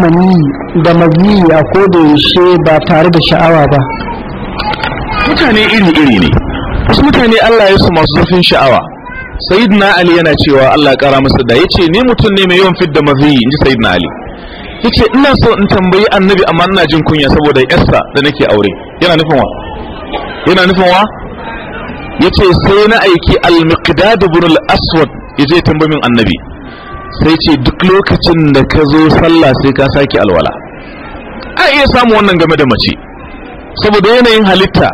mani da mazi a kodayaushe ba tare da sha'awa ba mutane iri-iri ne wasu mutane Allah ya su masu zafin sha'awa sayyidina ali yana cewa Allah kara masa da yace ni mutum ne mai yawan fidda mazi inji sayyidina ali yace ina so in tambayi annabi amma ina jin kunya saboda yarsa da nake aure yana nufin wa yana nufin wa yace sai na aiki al-miqdad ibn al-aswad yaje tambayin annabi sai ce duk lokacin da ka zo sallah sai ka sake alwala a iya samu wannan game da mace saboda yanayin halitta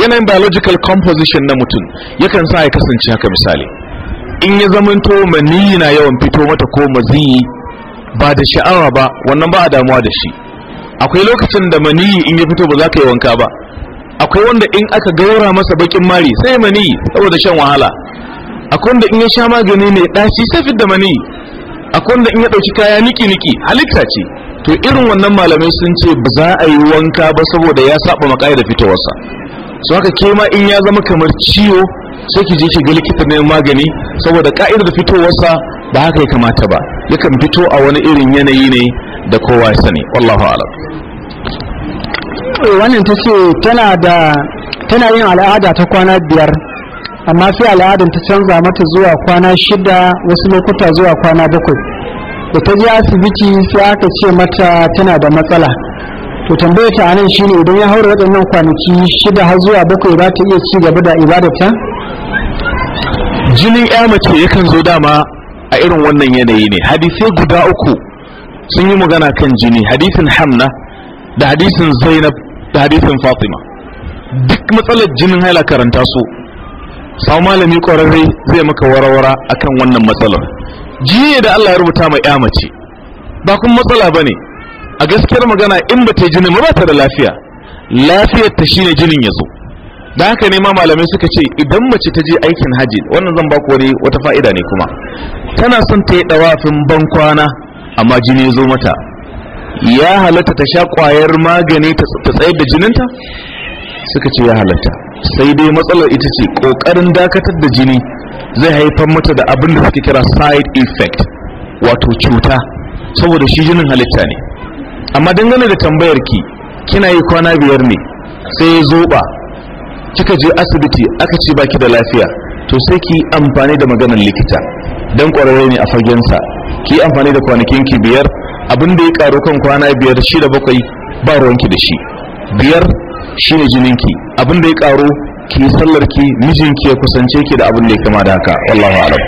yanayin biological composition na mutum yakan sa ya kasance haka misali in ya zamanto maniyi na yawan fito mata ko maziyi ba da sha'awa ba wannan ba a damuwa da shi akwai lokacin da maniyi in ya fito ba za ka yi wanka ba akwai wanda in aka gaura masa bakin mari sai maniyi saboda shan wahala akwai wanda in ya sha magani ne ɗaci sai da maniyi akwai wanda in ya ɗauki kaya niki-niki halitta ce to irin wannan malamai sun ce ba za a yi wanka ba saboda ya saba makaya da fitowarsa su haka ke ma in ya zama kamar ciwo sai ki je ki ga likita mai magani saboda ka'idar fitowarsa ba haka ya kamata ba yakan fito a wani irin yanayi ne da kowa ya sani wallahu alam wannan ta ce tana da tana yin al'ada ta kwana biyar amma sai al'adun ta canza mata zuwa kwana shida wasu lokuta zuwa kwana bakwai da ta je asibiti sai aka ce mata tana da matsala to tambaya ta anan shine idan ya haura waɗannan kwanaki shida har zuwa bakwai ba ta iya ci gaba da ibadata jinin ya mace yakan zo dama a irin wannan yanayi ne hadisai guda uku sun yi magana kan jini hadisin hamna da hadisin zainab da hadisin fatima duk matsalar jinin haila karanta su sau malami ƙwararre zai maka warawara akan wannan matsalar jiye da Allah ya rubuta mai ya mace ba kuma matsala ba ne a gaskiyar magana in ba ta jinin ba ta da lafiya lafiyar ta shine jinin ya zo da haka ne ma malamai suka ce idan mace ta je aikin hajji? wannan zan ba wani wata fa'ida ne kuma tana son ta yi ɗawafin ban kwana amma jini ya zo mata ya halatta ta sha kwayar magani ta tsayar da jininta suka ce ya halatta sai dai matsalar ita ce kokarin dakatar da jini zai haifar mata da abin da suke kira side effect wato cuta saboda shi jinin halitta ne amma dangane da tambayar ki kina yi kwana biyar ne sai ya zoba kika je asibiti aka ce baki da lafiya to sai ki amfani da maganar likita dan kwararre ne a fagensa ki amfani da kwanakin ki biyar abin da ya karo kan kwana biyar shida bakwai ba ruwanki da shi biyar Shi ne jininki abin da ya karo ki sallar ki mijinki ya kusance ki da abin da ya kama da haka wallahu a'lam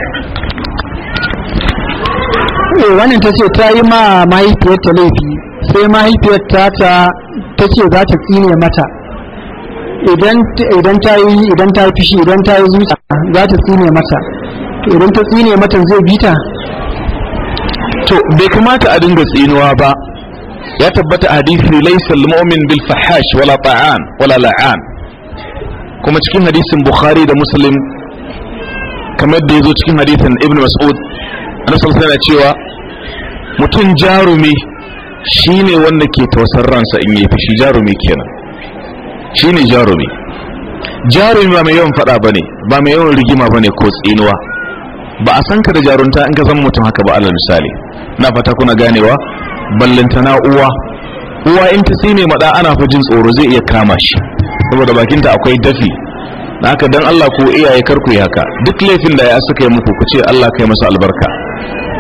eh, wannan ta ce ta yi ma mahaifiyarta ta laifi sai mahaifiyarta ta ta ce za ta tsine mata idan ta yi idan ta fishi idan ta yi zuciya za ta tsine mata idan ta tsine mata zai bita to bai kamata a dinga tsinuwa ba ya tabbata hadisi laysa mumin bil fahash wala ta'an wala la'an kuma cikin hadisin bukhari da muslim kamar da yazo cikin hadisin ibnu mas'ud annabi sallallahu alaihi cewa mutum jarumi shine wanda ke tausar ransa in yi fushi jarumi kenan shine jarumi jarumi ba mai yawan fada bane ba mai yawan rigima bane ko tsinuwa ba a san ka da jarunta in ka zama mutum haka ba alal misali na fata kuna ganewa ballantana uwa uwa in ta mai maɗa ana fa jin tsoro zai iya kama shi saboda bakinta akwai dafi na haka dan Allah ko iyaye karku yi haka duk laifin da ya suka yi muku ku ce Allah kai masa albarka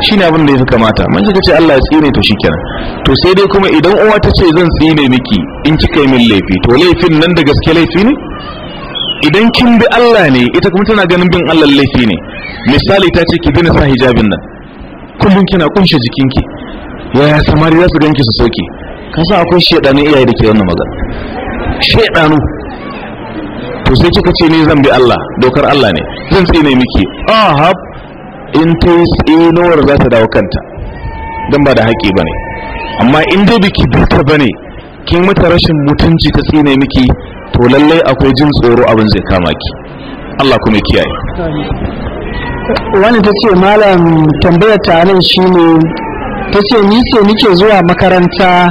shine abin da ya fi kamata man ka ce Allah ya tsine to shikenan to sai dai kuma idan uwa ta ce zan tsine miki in kika yi min laifi to laifin nan da gaske laifi ne idan kin bi Allah ne ita kuma tana ganin bin Allah laifi ne misali ta ce ki bi na sa hijabin nan kullum kina kunshe jikinki yaya samari za su ganki su soke kasa akwai shaidanu iyaye da ke wannan magana shaidanu to sai kika ce ne zan bi Allah dokar Allah ne zan tsine miki ahab ah, in ta yi tsinowar za ta dawo kanta don ba da haƙi ba ne amma in dai biki bita ba ne kin mata rashin mutunci ta tsine miki to lallai akwai jin tsoro abin zai kama ki Allah kuma kiyaye wani ta ce malam tambayar ta nan ne. ta ce ni ce nike zuwa makaranta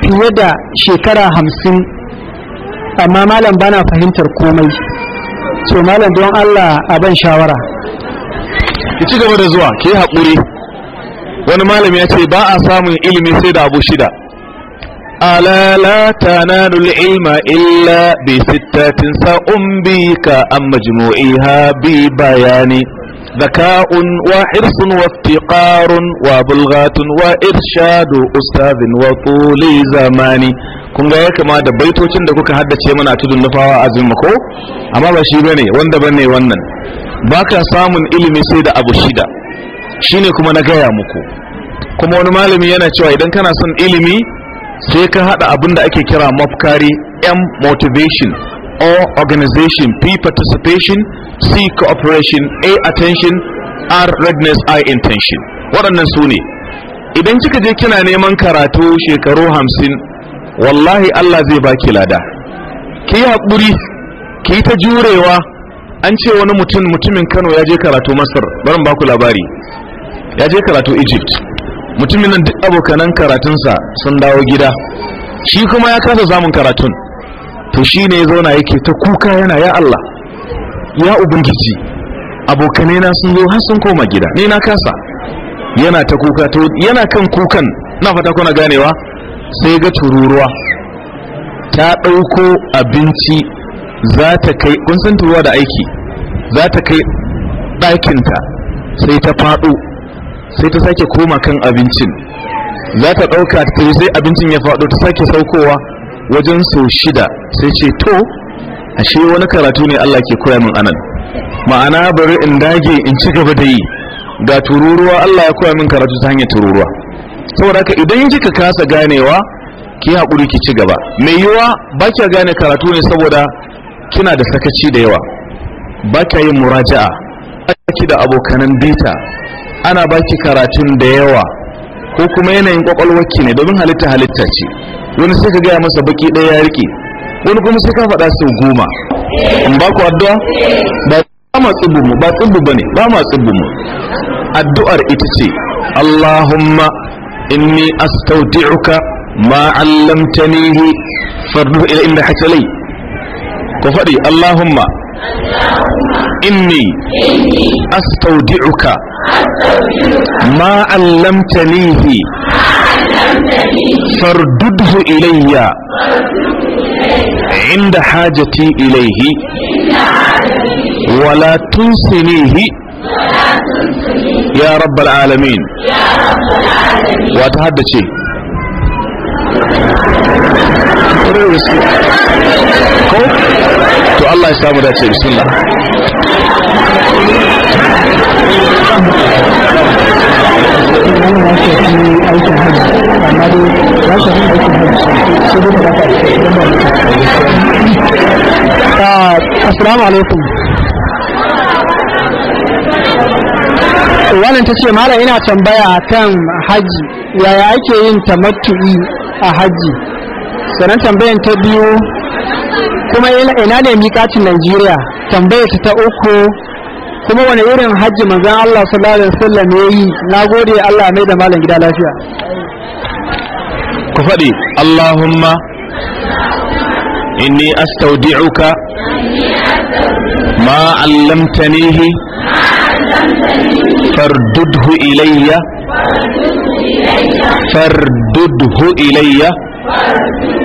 fiye da shekara hamsin amma malam bana fahimtar komai so malam don allah a ban shawara ki ci gaba da zuwa ke haƙuri wani malam ya ce ba a samun ilimi sai da abu shida ألا لا تنال العلم ka an سأنبيك عن bi bayani ذكاء وحرص وافتقار وبلغة وإرشاد أستاذ وطول زماني kun ga ya kama da baitocin da kuka haddace mana tudun nufawa azumi ko amma ba shi bane wanda bane wannan baka samun ilimi sai da abu shida shine kuma na gaya muku kuma wani malami yana cewa idan kana son ilimi sai ka hada abin da ake kira mafkari m motivation or organization. P. Participation. C. Cooperation. A. Attention. R. Readiness. I. Intention. Waɗannan su ne. Idan kika je kina neman karatu shekaru hamsin, wallahi Allah zai baki lada. Ki yi haƙuri, ki yi ta jurewa. An ce wani mutum mutumin Kano ya je karatu Masar, barin baku labari. Ya je karatu Egypt. Mutumin nan duk abokanan karatunsa sun dawo gida. Shi kuma ya kasa zamun karatun. to shine ya zauna yake ta kuka yana ya Allah ya ubangiji abokane na sun zo har sun koma gida ni na kasa yana ta kuka to yana kan kukan na fata kuna ganewa sai ga tururuwa ta ɗauko abinci za ta kai kun san tururuwa da aiki za ta kai ɗakinta sai ta faɗo sai ta sake koma kan abincin za ta ɗauka ta sai abincin ya faɗo ta sake saukowa wajen sau shida sai ce to ashe wani karatu ne Allah ke koya min anan ma'ana bari in dage in ci gaba da yi ga tururuwa Allah ya koya min karatu ta hanyar tururuwa saboda haka idan kika kasa ganewa ki haƙuri ki ci gaba mai yiwa ba kya gane karatu ne saboda kina da sakaci da yawa ba kya yin muraja'a ba ki da abokanan bita ana baki karatun da yawa ko kuma yanayin kwakwalwarki ne domin halitta halitta ce wani sai ka gaya masa baki ɗaya ya riƙe wani kuma sai ka faɗa sau goma in ba ku addu'a ba ma tsibbu mu ba tsibbu bane ba ma tsibbu mu addu'ar ita ce Allahumma inni astawdi'uka ma 'allamtanihi fardu ila inda hatalai ko faɗi Allahumma إني أستودعك ما علمتنيه فاردده إلي عند حاجتي إليه ولا تنسنيه يا رب العالمين وتهدشي كو to Allah ya samu dace bismillah ah, Assalamu alaikum. Wannan ta ce mala ina tambaya kan haji yaya ake yin tamattu'i a hajji. Sannan tambayan ta biyu kuma ina ne katin Najeriya tambaya ta uku kuma wani irin hajji manzan Allah sallallahu alaihi wasallam gode. nagode Allah mai da malam gida lafiya ku faɗi Allahumma inni astaudi'uka ma 'allamtanihi فاردده إلي فاردده إلي, فاردده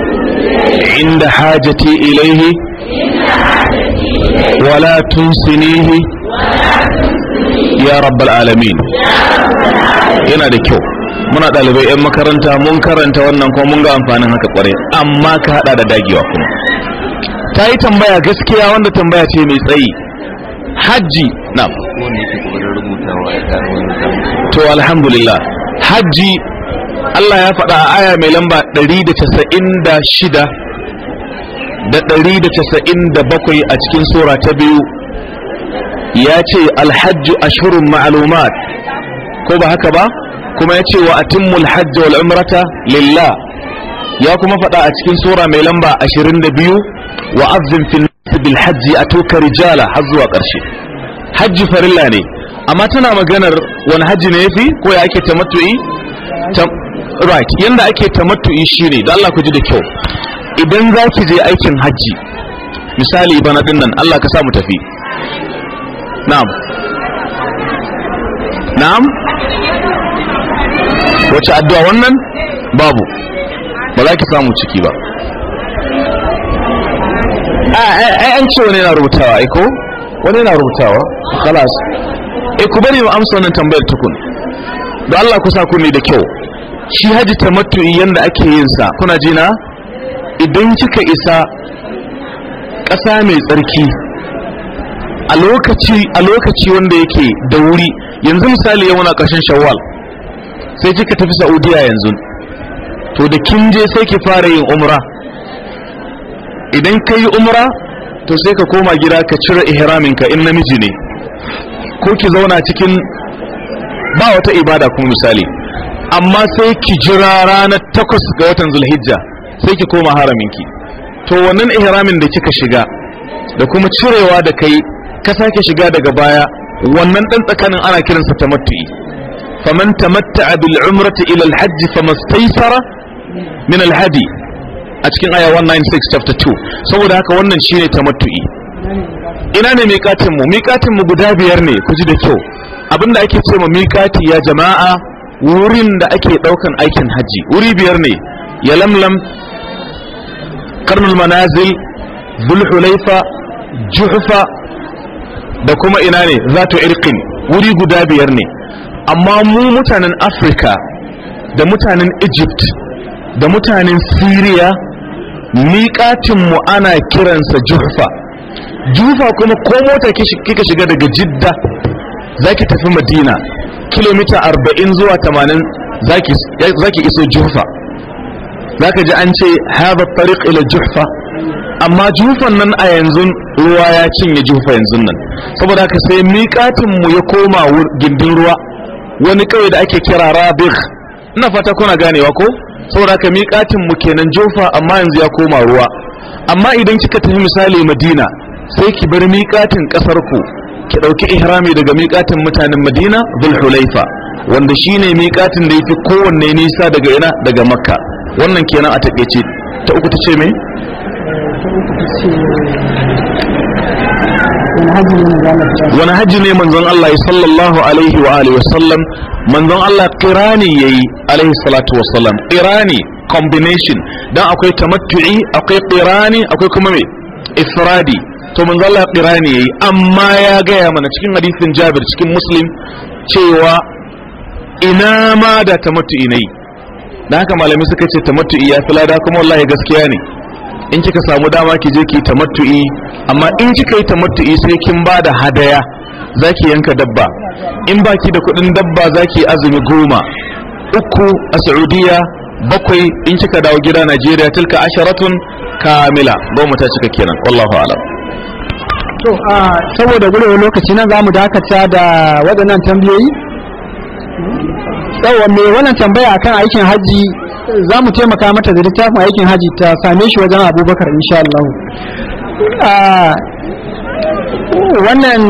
عند حاجتي إليه ولا تنسنيه ya rabbal alamin yana da kyau muna ɗalibai 'yan makaranta mun karanta wannan kuma mun ga amfanin haka kware amma ka hada da dagewa kuma ta yi tambaya gaskiya wanda tambaya ce mai tsayi hajji na to alhamdulillah hajji Allah ya faɗa a aya mai lamba 196 da ɗari da casa'in da bakwai a cikin sura ta biyu ya ce alhajju ashurun ma'alumat ko ba haka ba kuma ya ce wa atimmul hajji wal umrata lillah ya kuma faɗa a cikin sura mai lamba ashirin da biyu wa azzin fil bil hajji atuka rijala har zuwa ƙarshe hajji farilla ne amma tana maganar wani hajji ne yafi ko ya ake tamattu'i right yanda ake tamattu'i shine da Allah ku ji da kyau idan za ki je aikin hajji misali bana din nan Allah ka sa mu tafi na'am na'am wace addu'a wannan babu ba za ki samu ciki ba ai an ce wani yana rubutawa aiko wani yana rubutawa kalas E, eh, ku bari mu amsa wannan tambayar tukun don Allah ku sa ku ne da kyau shi haji tamattu yanda ake yin sa kuna jina na idan kika isa ƙasa mai tsarki a lokaci a lokaci wanda yake da wuri yanzu misali yau na ƙarshen shawwal sai kika tafi saudiya yanzu to da kin je sai ki fara yin umra idan ka yi umra to sai ka koma gida ka cire ihraminka in namiji ne ko ki zauna cikin ba wata ibada kuma misali amma sai ki jira ranar takwas ga watan zulhijja sai ki koma haraminki to wannan ihramin da kika shiga da kuma cirewa da kai ka sake shiga daga baya wannan dan tsakanin ana kiransa tamattu'i faman tamatta'a bil umrati ila al hajj famastaysara min al hadi a cikin aya 196 chapter 2 saboda haka wannan shine tamattu'i ina ne miƙatin mu miƙatin mu guda biyar ne ku ji da kyau abinda ake ce ma miƙati ya jama'a wurin da ake ɗaukan aikin hajji wuri biyar ne ya lamlam karnul manazil zulhulaifa juhufa da kuma ina ne zato irkin wuri guda biyar ne amma mu mutanen afirka da mutanen egypt da mutanen syria miƙatinmu ana kiransa juhufa juhufa kuma ko mota kika shiga daga jidda za ki tafi madina kilomita arba'in zuwa tamanin za ki iso juhufa zaka ji an ce hadha tariq ila juhfa amma jufan nan a yanzu ruwa ya cinye jufa yanzu nan saboda haka sai miƙatin mu ya koma gindin ruwa wani kawai da ake kira rabigh ina fata kuna ganewa ko saboda haka miƙatin mu kenan jufa amma yanzu ya koma ruwa amma idan kika tafi misali madina sai ki bar miƙatin ƙasar ku ki ɗauki ihrami daga miƙatin mutanen madina zulhulaifa wanda shine miƙatin da yafi kowanne nisa daga ina daga makka wannan kenan a taƙaice ta uku ta ce me wani hajji ne manzon Allah ya sallallahu alaihi wa alihi wasallam manzon Allah kirani yayi alaihi salatu wasallam kirani combination dan akwai tamattu'i akwai kirani akwai kuma me ifradi to manzon Allah kirani yayi amma ya gaya mana cikin hadisin Jabir cikin Muslim cewa ina ma da tamattu'i nayi dan haka malami suka ce tamattu'i ya fi lada kuma wallahi gaskiya ne in kika samu dama ki je ki tamattu'i amma in kika yi tamattu'i sai kin ba da hadaya zaki yanka dabba in baki da kudin dabba zaki azumi goma uku a saudiya bakwai in kika dawo gida najeriya tilka asharatun kamila goma ta cika kenan wallahu alam to saboda gurewar lokaci nan za mu dakata da waɗannan tambayoyi yawon mai wannan tambaya akan aikin hajji za mu taimaka mata da littafin aikin hajji ta same shi wajen abubakar insha Allah ah, wannan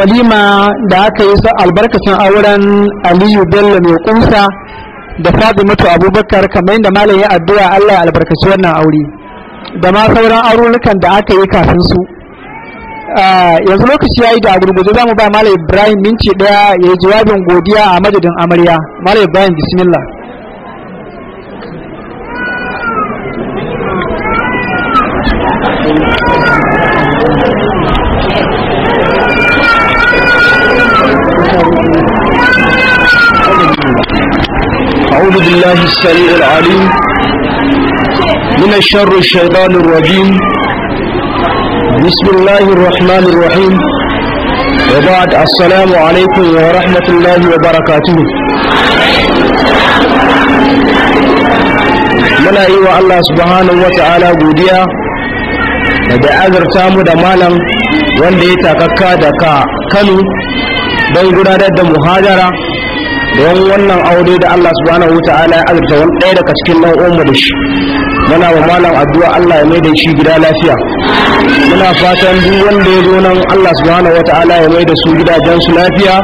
walima da aka yi albarkacin auren aliyu bello mai kunsa da mutu abubakar kamar yadda malam ya addu'a Allah ya albarkaci wannan aure da ma sauran aurunukan da aka yi kafin su Ah, yanzu lokaci ya yi da za mu ba malam Ibrahim minti ɗaya, ya yi jawabin godiya a madadin amarya malam Ibrahim bismillah أعوذ بالله السميع العليم من الشر الشيطان الرجيم بسم الله الرحمن الرحيم وبعد السلام عليكم ورحمة الله وبركاته muna yi wa Allah subhanahu wa godiya da azurta mu da malam wanda ya takakka da ka kano don gudanar da muhajara don wannan aure da Allah subhanahu wa ta'ala ya azurta wani ɗaya daga cikin ɗan da shi muna wa malam addu'a Allah ya maida shi gida lafiya muna fatan duk wanda ya zo nan Allah subhanahu wataala ya maida su gidajen su lafiya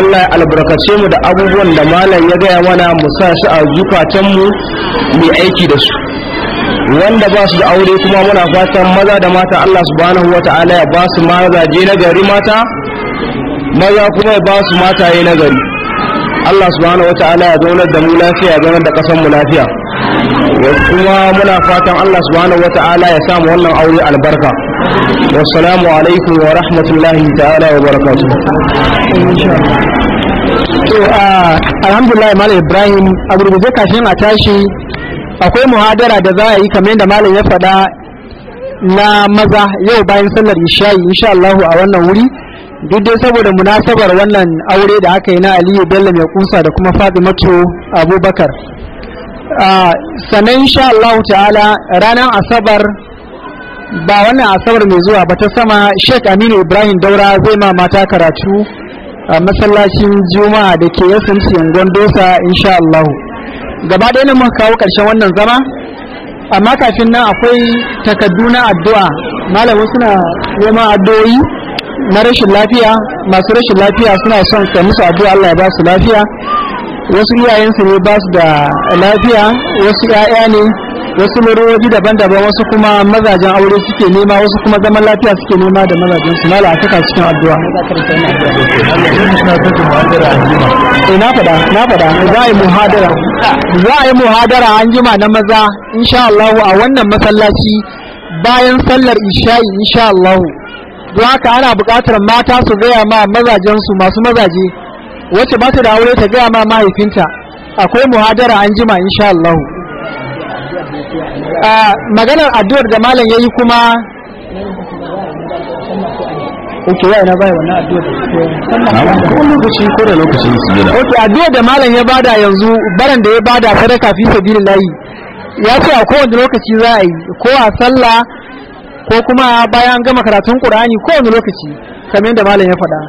Allah ya albarkace mu da abubuwan da malam ya gaya mana mu sa su a zukatan mu mu aiki da su wanda ba su da aure kuma muna fatan maza da mata Allah subhanahu wataala ya ba su mazaje na gari mata maza kuma ya ba su mataye na gari Allah subhanahu wataala ya zaunar da mu lafiya ya zaunar da ƙasar mu lafiya kuma muna fatan Allah subhanahu wataala ya samu wannan aure albarka wa wassalamu alaikum wa rahmatullahi ta'ala wa barakatuh to alhamdulillah malam ibrahim a gurguje kashin a tashi akwai muhadara da za a yi kamar yadda malam ya faɗa na maza yau bayan sallar isha'i insha Allah a wannan wuri duk dai saboda munasabar wannan aure da aka yi na aliyu bello mai kusa da kuma fatimatu abubakar sannan insha Allah ta'ala ranar asabar ba wannan asabar mai zuwa ba ta sama sheikh aminu ibrahim daura zai ma mata karatu a masallacin juma'a da ke yasin siyangon dosa insha Allah gaba ɗaya mun kawo ƙarshen wannan zama amma kafin nan akwai takaddu na addu'a malamin suna neman addu'o'i na rashin lafiya masu rashin lafiya suna son ka musu addu'a Allah ba su lafiya wasu iyayensu ne ba su da lafiya wasu 'ya'ya ne wasu larurori daban-daban wasu kuma mazajen aure suke nema wasu kuma zaman lafiya suke nema da mazajen su mala a cikin addu'a na fada na fada za a yi muhadara za a yi muhadara an jima na maza insha Allah a wannan masallaci bayan sallar isha'i insha Allah don haka ana buƙatar mata su gaya ma mazajensu masu mazaje wacce ba ta da aure ta gaya ma mahaifinta akwai muhadara an jima insha Allah maganar addu'ar da malam yayi kuma oke wa ina bai wannan addu'a ko lokaci ko da lokacin sujada oke addu'a da malam ya bada yanzu baran da ya bada sadaka fi sabilillahi ya ce a kowane lokaci za a yi ko a sallah ko kuma bayan gama karatun qur'ani ko wani lokaci kamar yadda malam ya faɗa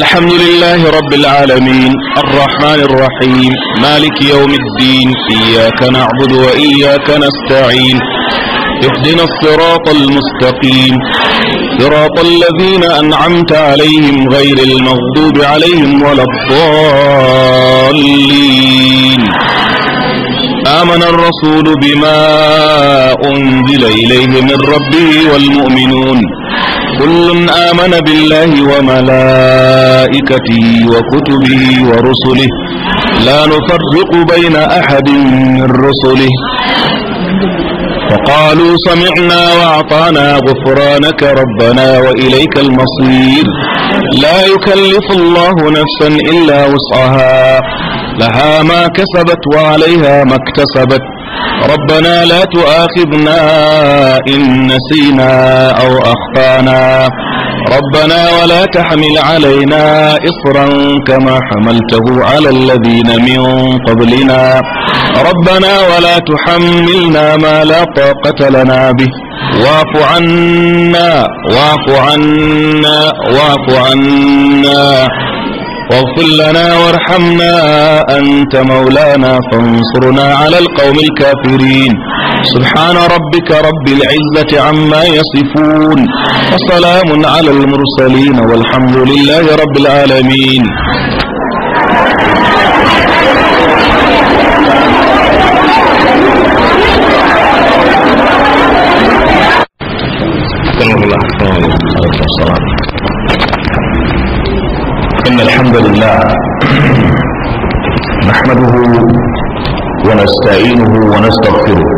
الحمد لله رب العالمين الرحمن الرحيم مالك يوم الدين إياك نعبد وإياك نستعين اهدنا الصراط المستقيم صراط الذين أنعمت عليهم غير المغضوب عليهم ولا الضالين آمن الرسول بما أنزل إليه من ربه والمؤمنون كل آمن بالله وملائكته وكتبه ورسله لا نفرق بين أحد من رسله فقالوا سمعنا وأعطانا غفرانك ربنا وإليك المصير لا يكلف الله نفسا إلا وسعها لها ما كسبت وعليها ما اكتسبت ربنا لا تؤاخذنا إن نسينا أو أخطانا ربنا ولا تحمل علينا إصرا كما حملته على الذين من قبلنا ربنا ولا تحملنا ما لا طاقة لنا به واعف عنا واعف عنا واعف عنا واغفر لنا وارحمنا أنت مولانا فانصرنا على القوم الكافرين سبحان ربك رب العزة عما يصفون وسلام على المرسلين والحمد لله رب العالمين إن الحمد لله نحمده ونستعينه ونستغفره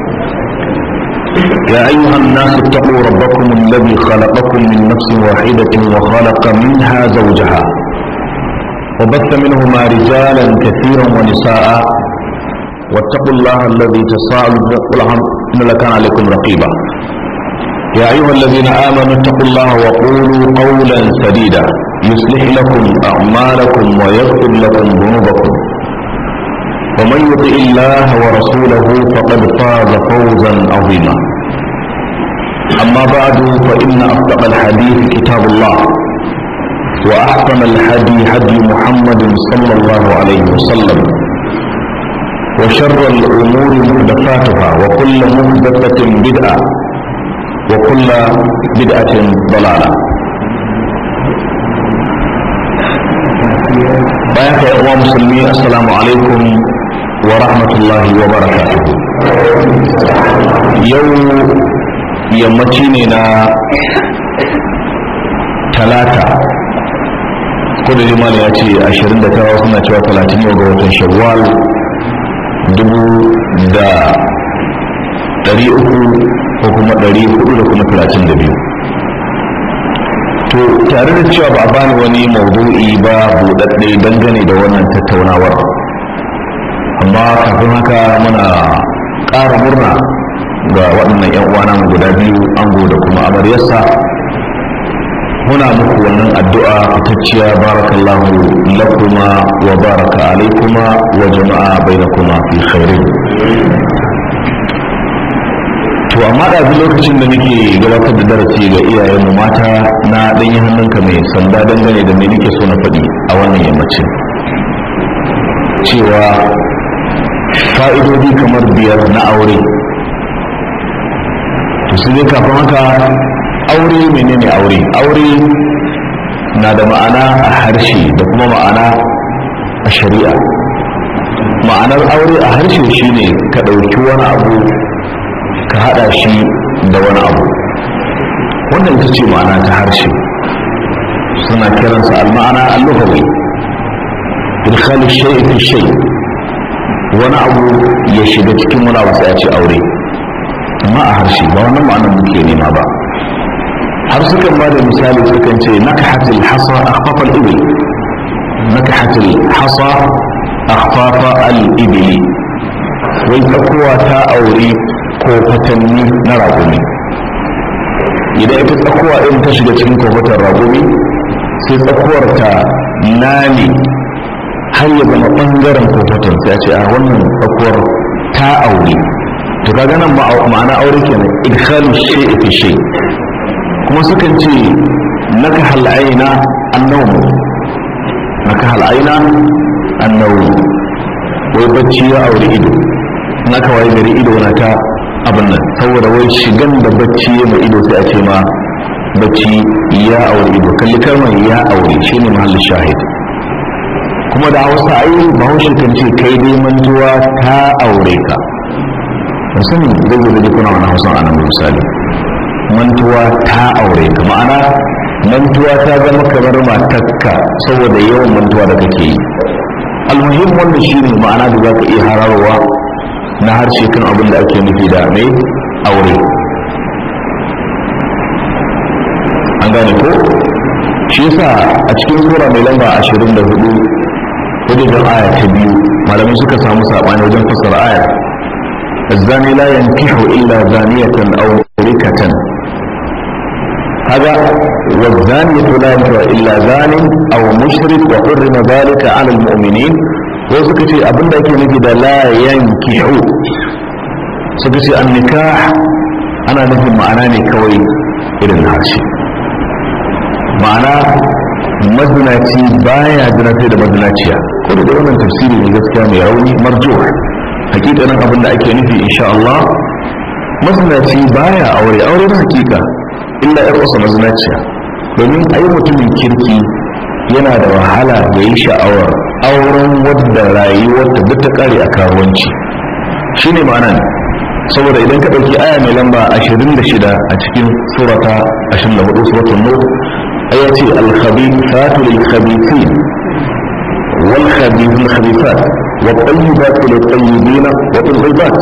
يا أيها الناس اتقوا ربكم الذي خلقكم من نفس واحدة وخلق منها زوجها وبث منهما رجالا كثيرا ونساء واتقوا الله الذي تساءلون بالأرحام إن كان عليكم رقيبا يا أيها الذين آمنوا اتقوا الله وقولوا قولا سديدا يصلح لكم أعمالكم ويغفر لكم ذنوبكم ومن يطع الله ورسوله فقد فاز فوزا عظيما أما بعد فإن أصدق الحديث كتاب الله وأحكم الهدي هدي محمد صلى الله عليه وسلم وشر الأمور محدثاتها وكل محدثة بدعة وكل بدعة ضلالة بارك يا مسلمين السلام عليكم ورحمة الله وبركاته يوم yammaci ne na talata ko da jimala ya ce 29 suna cewa 30 ga watan shawwal dubu da ɗari uku ko kuma ɗari hudu da kuma talatin da biyu to tare da cewa ba a bani wani maudu'i ba buɗaɗɗe dangane da wannan tattaunawar amma kafin haka muna ƙara murna ga waɗannan yan uwana mu guda biyu ango da kuma amaryarsa muna muku wannan addu'a fitacciya barakallahu lakuma wa baraka alaikuma wa jama'a bainakuma fi khairin to amma da lokacin da muke gabatar da darasi ga iyayenmu mata na yi hannunka mai sanda dangane da me nake so na faɗi a wannan yammacin cewa fa'idodi kamar biyar na aure to dai kafin haka aure menene aure aure na da ma'ana a harshe da kuma ma'ana a shari'a ma'anar aure a harshe shine ka ɗauki wani abu ka haɗa shi da wani abu wannan ita ce ma'ana ta harshe suna kiransa al-ma'ana al-lughawi idkhal shay shay wani abu ya shiga cikin wani abu sai a ce aure ما أهرشي وأنا ما أنا ممكن ما بقى هرسك المال المثال سكنتي نكحة الحصى أخطف الإبل نكحة الحصى أخطاف الإبل ويتقوى تأوري كوفتني نرابني إذا يتقوى إن تشجت من كوفت الرابني ستقوى نالي هل يبنى أنجرا كوفتن سيأتي أهون تقوى تأوري to kaga nan ma'ana aure kenan idkhalu shay'i fi shay kuma sukan ce naka hal aina annawm naka hal aina wai bacci ya aure ido naka waye gari ido na ta abin nan saboda wai shigan da bacci ya mai ido sai a ce ma bacci ya aure ido kalli kalmar ya aure shine mahallin shahid kuma da hausa ai bahaushe kan ce kai dai manzuwa ta aure ka musulmi zai zai kuna wani hausan anan misali mantuwa ta aure ka ma'ana mantuwa ta zama kamar matakka saboda yawan mantuwa da kake yi almuhim wannan shi ne ma'ana da za ka iya hararwa na harshe kan abin da ake nufi da mai aure an gane ko shi yasa a cikin sura mai lamba 24 wajen aya ta biyu malamai suka samu saɓani wajen fassara aya الزاني لا ينكح إلا زانية أو مشركة هذا والزانية لا ينكح إلا زان أو مشرك وحرم ذلك على المؤمنين وسكتي أبن دايك نجد لا ينكح سكتي النكاح أنا نفهم معناني كوي إلى العرشي ma'ana مزناتي بايا جناتي sai كل دولة تفسيري da wannan tafsiri ne hakikanin abin da ake nufi insha Allah mazinaci baya aure aure na hakika illa yar usa mazinaciya domin yi mutumin kirki yana da wahala ya yi sha'awar auren wadda rayuwar ta duk ta kare a karuwanci shine ma'anan saboda idan ka ɗauki aya mai lamba 26 a cikin surata 24 suratul nur aya ce al-khabithatu khabithin wal-khabithun khabithat والطيبات للطيبين والطيبات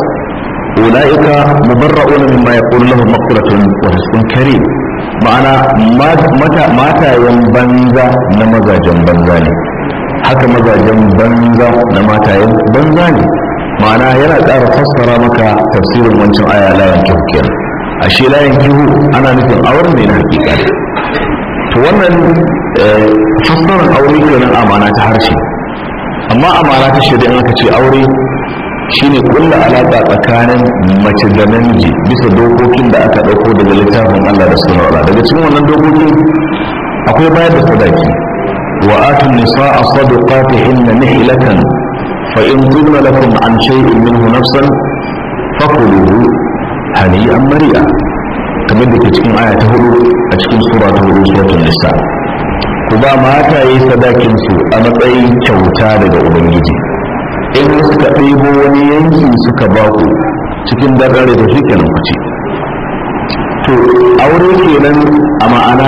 أولئك مبرؤون مما يقول لهم مغفرة ورزق كريم معنى متى متى ينبنزا نمزا جنبنزاني حتى مزا جنبنزا نماتا ينبنزاني معنى يلا تارى فسر مكا تفسير المنشر آية لا ينكه الشيء لا ينكه أنا نفر أور من الحقيقة فوانا آه، فسر الأولي لنا معنى تحرشي amma amana ta shari'a aka ce aure shine kulla alaƙa tsakanin mace da namiji bisa dokokin da aka ɗauko daga littafin Allah da sunawala daga cikin wannan dokokin akwai bayar da sadaki wa atun nisa'a sadaqatihinna nihilatan fa in tubna lakum an shay'in minhu nafsan fakuluhu hani'an mari'a kamar da ke cikin aya ta hudu a cikin sura ta hudu suratul nisa ku ba mataye sadakinsu a matsayin kyauta daga ubangiji in suka ɗebo wani yanki suka ba ku cikin dangare da shi kenan ku ce to aure kenan a ma'ana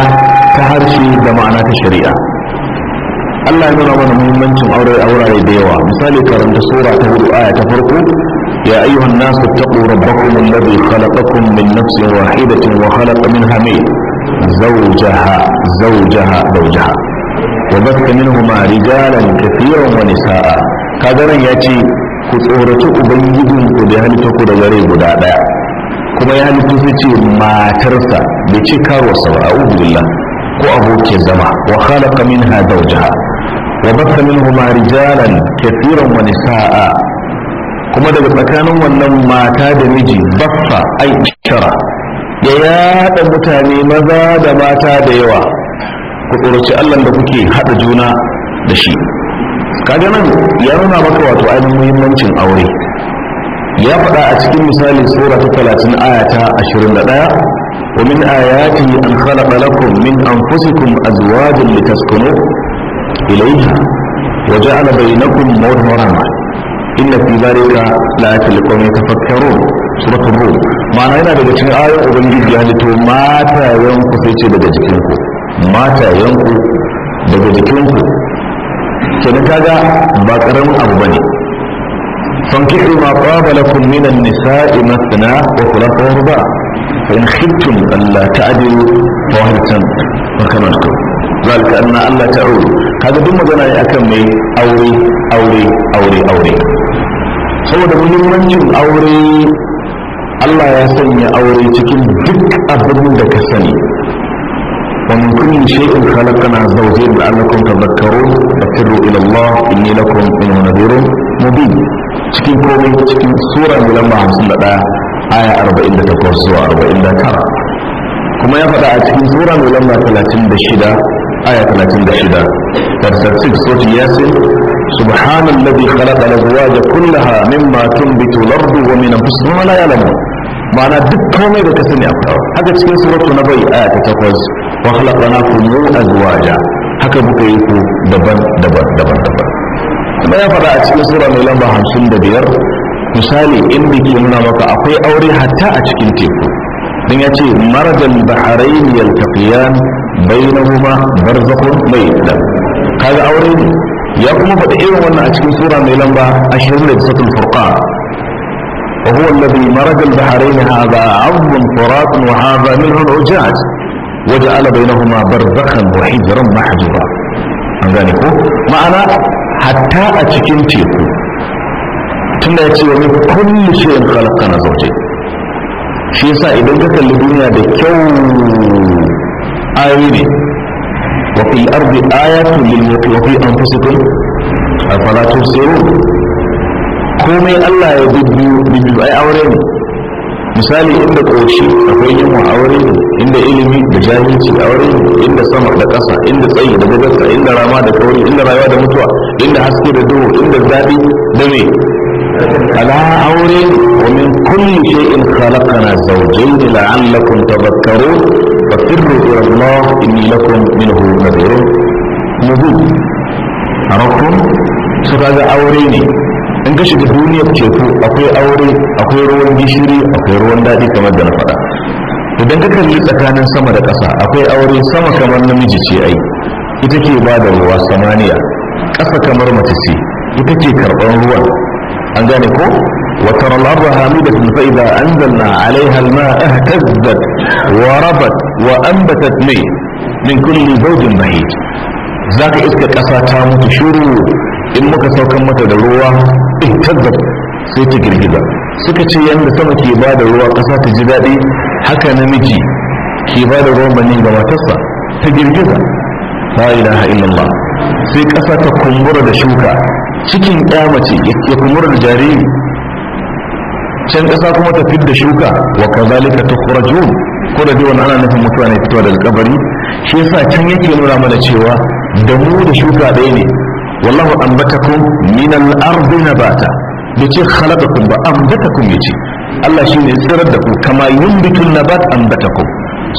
ta harshe da ma'ana ta shari'a Allah ya nuna mana muhimmancin aure aurare da yawa misali karanta sura ta hudu aya ta farko يا nasu الناس اتقوا ربكم الذي خلقكم من نفس واحدة وخلق منها مئة زوجها زوجها زوجها وبث منهما رجالا كثيرا ونساء كذا ياتي ku tsoraci ubangijinku da ya halitta ku da gare guda ɗaya. kuma ya halitta su matarsa da ce karuwarsa ba a'udhu billah ko abokin zama wa khalaqa minha zawjaha wa batha minhuma rijalan kathiran wa nisaa kuma daga tsakanin wannan mata da miji baffa ai shara da ya yada mutane maza da mata da yawa ku tsoroci allah da kuke haɗa juna da shi kaga nan ya nuna maka wato ainihin muhimmancin aure ya faɗa a cikin misali sura ta talatin aya ta ashirin da ɗaya wa min ayati an khalaqa lakum min anfusikum azwajan litaskunu ilayha wa ja'ala bainakum mawdatan inna fi dhalika la yakunu tafakkarun suratul rum ma'ana yana daga cikin ayoyin ubangiji ya halitto mata yanku sai ce daga jikin ku yanku. daga jikin ku kenan kaga ba karamin abu bane fankihu ma qaba lakum minan nisa'i mathna wa thulatha wa ruba fa in khiftum alla ta'dilu fawahidatan wa kama zalika anna alla ta'ulu kaga duk magana ne akan mai aure aure aure aure saboda muhimmancin aure الله يا سيدي aure cikin duk abin da ka ومن كل شيء خلقنا وجل لعلكم تذكرون فاتروا الى الله اني لكم منه نذير مبين. تكين كومي تكين سوره من لما حصل لها آية 40 تقول سوره 40 كما يفعل تكين سوره من لما 30 بشدة آية 30 بشدة. فرسل صوت ياسين سبحان الذي خلق الازواج كلها مما تنبت الارض ومن انفسهم لا يعلمون. ma'ana duk komai da ka sani a kawo haka cikin suratu na bai aya ta takwas wa a zuwa haka muka yi ku daban daban daban daban kuma ya faɗa a cikin sura mai lamba hamsin da biyar misali inda ke nuna maka akwai aure hatta a cikin teku don ya ce marajan baharai yaltaqiyan bainahuma barzakhun mai da kaga aure ne ya kuma faɗi irin wannan a cikin sura mai lamba ashirin da furka. وهو الذي مرج البحرين هذا عظم فرات وهذا منه العجاج وجعل بينهما برزخا وحجرا محجورا ذلك معنى حتى أتكن تيكو تنى يتسير كل شيء خلقنا زوجي في ساعة إذن قتل الدنيا بكو آيني وفي الأرض آية للموت وفي أنفسكم أفلا تبصرون komai Allah ya bibbiyu bibbiyu ai aure ne misali inda ƙoshi akwai yin aure ne inda ilimi da jahilci aure ne inda sama da ƙasa inda tsayi da gagarta inda rama da kauri inda rayuwa da mutuwa inda haske da duhu inda zaɓi da me ala aure wa min kulli shay'in khalaqna zawjayn la'allakum tadhakkarun fafirru ila Allah inni lakum minhu nadhirun mubin arabtum so aure ne in ka shiga duniyar teku akwai aure akwai ruwan gishiri akwai ruwan daɗi kamar da na faɗa idan ka kalli tsakanin sama da ƙasa akwai aure sama kamar namiji ce ai ita ke ba da ruwa samaniya ƙasa kamar mace ce ita ke karɓar ruwan an gane ko وترى الأرض هامدة فإذا أنزلنا عليها الماء اهتزت وربت وأنبتت من من كل زوج بهيج ذاك إسك قصة تامت شروع in muka saukan mata da ruwa ihtazat sai ta girgiza suka ce yanda sama ke ba da ruwa ƙasa ta ji daɗi haka namiji ke ba da ruwan bane ga matarsa ta girgiza la ilaha illallah sai ƙasa ta kumbura da shuka cikin ƙyamace ya kumbura da jariri can ƙasa kuma ta da shuka wa kazalika tukhrajun ko da dai ana nufin mutuwa ne fitowa daga kabari shi yasa can yake nuna mana cewa da mu da shuka ɗaya ne wallahu ambatakum min al-ardi nabata bace khalaqakum ba ambatakum yace Allah shine tsirar da ku kama yumbitul nabat ambatakum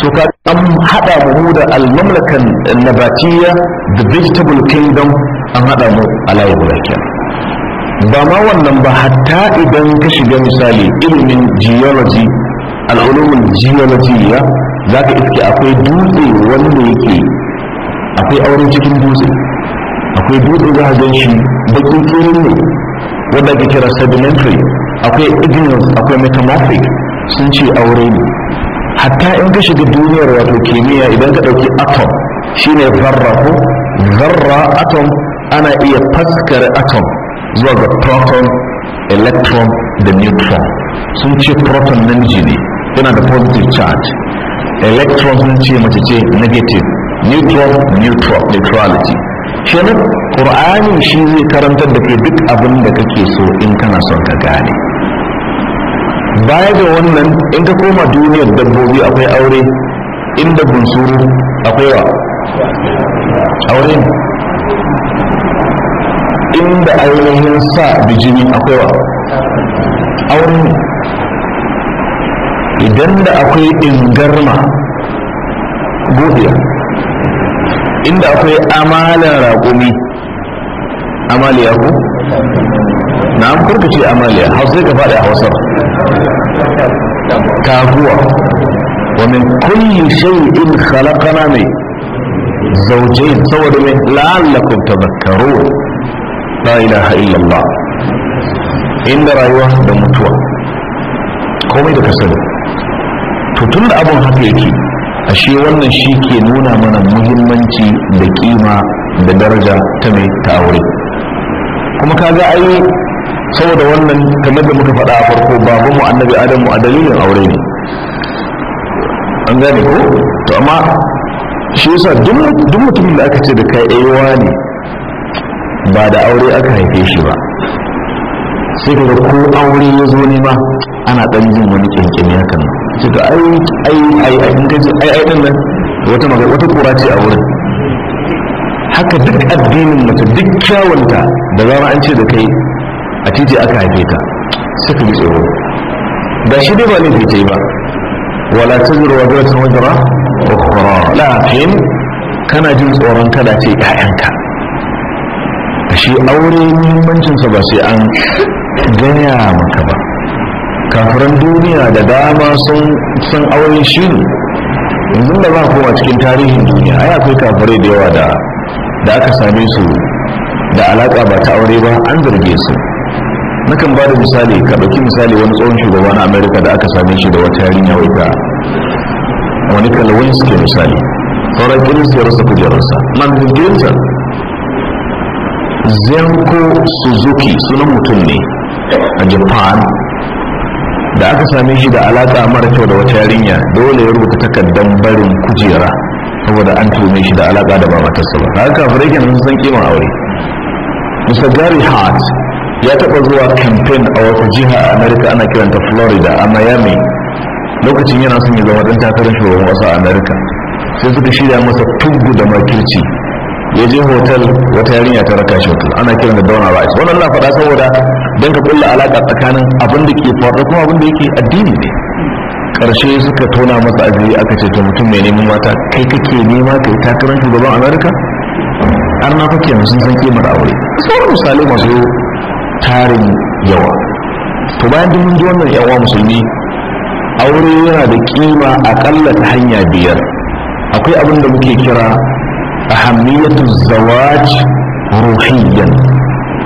so ka an haɗa mu da al-mamlakan nabatiyya the vegetable kingdom an hada mu alayi bulakiya ba ma wannan ba hatta idan ka shiga misali ilimin geology al'ulumin geology ya za ka iske akwai dutse wanda yake akwai auren cikin dutse akwai dutse za a gan shi bakin tsirin ne wanda ake kira sedimentary akwai igneous akwai metamorphic sun ce aure ne hatta in ka shiga duniyar wato kimiyya idan ka ɗauki atom shine zarra ko zarra atom ana iya faskare atom zuwa ga proton electron da neutron sun ce proton namiji ne yana da positive charge electron sun ce mace negative neutron neutral neutrality kenan qur'ani shi zai karantar da kai duk abin da kake so in kana son ka gane baya ga wannan in ka koma duniyar dabbobi akwai aure in da bunsuru akwai wa aure inda ainihin sa bijini akwai wa aure idan da akwai ingarma gobiya inda akwai amalan raƙumi amaliya ku na an kurkace amaliya Hau hausa ka faɗi a hausar kaguwa wa min kulli shay'in khalaqana mai zaujain saboda mai la'allakum tadhakkarun la ilaha illallah inda rayuwa da mutuwa komai da ka to tun da abun haka yake ashe wannan shi ke nuna mana muhimmanci da kima da daraja ta mai ta aure kuma ga ai saboda wannan kamar da muka faɗa a farko babu mu annabi adamu a dalilin aure ne an gane ko to amma shi yasa duk mutumin da aka ce da kai aiwa eh, ne ba da aure aka haife shi ba sai kaga ko aure ya zo ne ma ana dan jin wani kyankyami hakan ce to ai ai ai ai in kaji ai ai nan wata magana wata kura ce a wurin haka duk addinin mutum duk kyawunta da zama an ce da kai a titi aka haife ka, suka bi tsoro ba shi dai ba ne ke yi ba wala tazuru wa zata wajra ukhra lakin kana jin tsoron kada ce ƴaƴanka shi aure muhimmancinsa ba sai an gaya maka ba kafiran duniya da dama sun auren shi ne? yanzu da za koma cikin tarihin duniya ai akwai kafirai da yawa da aka same su da alaƙa ba ta aure ba an zarge su nakan ba da misali ka ɗauki misali wani tsohon shugaba na amerika da aka same shi da wata yarinya wata wani kalawai suke misali sauran su ya rasa kujerarsa man jirginsa zenko suzuki sunan mutum ne a japan da aka same shi da alaƙa mara kyau da wata yarinya dole ya rubuta takardar barin kujera saboda an tume shi da alaƙa da ba matarsa ba haka kafirai kenan sun san kiman aure Mr. Gary Hart ya taɓa zuwa campaign a wata jiha a America ana kiranta Florida a Miami lokacin yana son ya zama dan takarar shugaban ƙasa a America sai suka shirya masa tugu da makirci ya je hotel wata yarinya ta raka shi hotel ana kiran da dauna rice wannan na faɗa saboda don ka kulla alaƙa tsakanin abin da ke faru kuma abin da yake addini ne ƙarshe suka tona masa ajiye aka ce to mutum mai neman mata kai kake nema kai takarar shugaban Amurka? an na fake sun san kimar aure sauran misali masu tarin yawa to bayan duk mun ji wannan yawa musulmi aure yana da kima akalla ta hanya biyar akwai abin da muke kira ahammiyatu zawaj ruhiyyan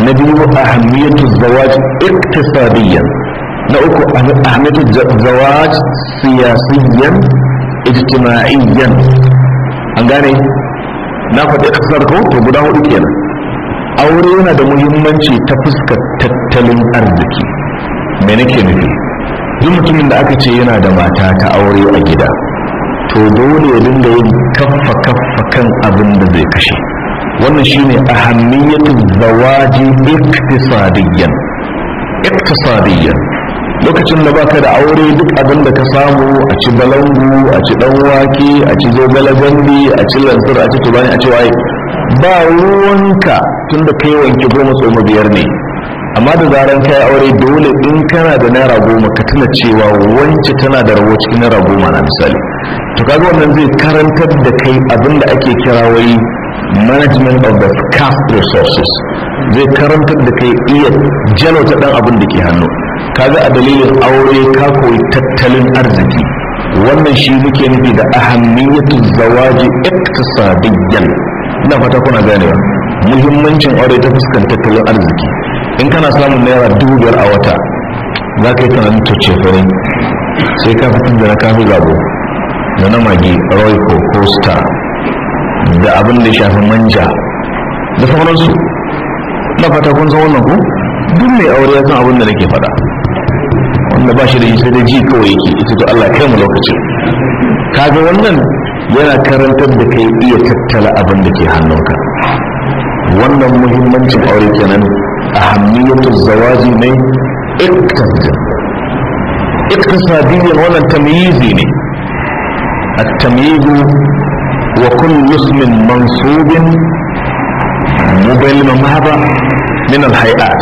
na biyu ahammiyatu zawaj iktisadiyan na uku ahammiyatu zawaj siyasiyan ijtima'iyyan an gane na faɗi ƙasar ko to guda hudu kenan aure yana da muhimmanci ta fuska tattalin arziki me nake nufi duk mutumin da aka ce yana da mata ta aure a gida to dole ya dinga yin kaffa kaffa kan abin da zai kashe wannan shine ahammiyatul zawaji iktisadiyyan iktisadiyan lokacin da baka da aure duk abin da ka samu a ci balangu a ci dan wake a ci zogala gandi a ci lansir a ci tubani a ci waye ba ruwanka tunda kai wanke goma tsoma biyar ne amma da zaran kai aure dole in kana da naira goma ka tuna cewa wance tana da rabo cikin naira goma na misali to kaga wannan zai karantar da kai abin da ake kira wai management of the scarce resources zai karanta da kai iya jalauta dan abin da ke hannu kaga a dalilin aure ka koyi tattalin arziki wannan shi muke nufi da ahammiyatu zawaji iqtisadiyyan ina fata kuna ganewa muhimmancin aure ta fuskan tattalin arziki in kana samun naira dubu biyar a wata za ka yi tunanin to ce sai ka fitar da na kafin zabo da na magi royco ko star da abin da shafi manja da sauransu na fata kun san wannan ku duk mai aure ya san abin da nake faɗa wanda ba shi da yi sai da ji kawai yake ita to Allah kai mu lokaci. kaga wannan yana karantar da kai iya tattala abin da ke hannunka wannan muhimmancin aure kenan ahammiyatu zawaji ne iktasadiyyan wannan tamyizi ne at-tamyizu وكل اسم منصوب مبين ماذا من الهيئات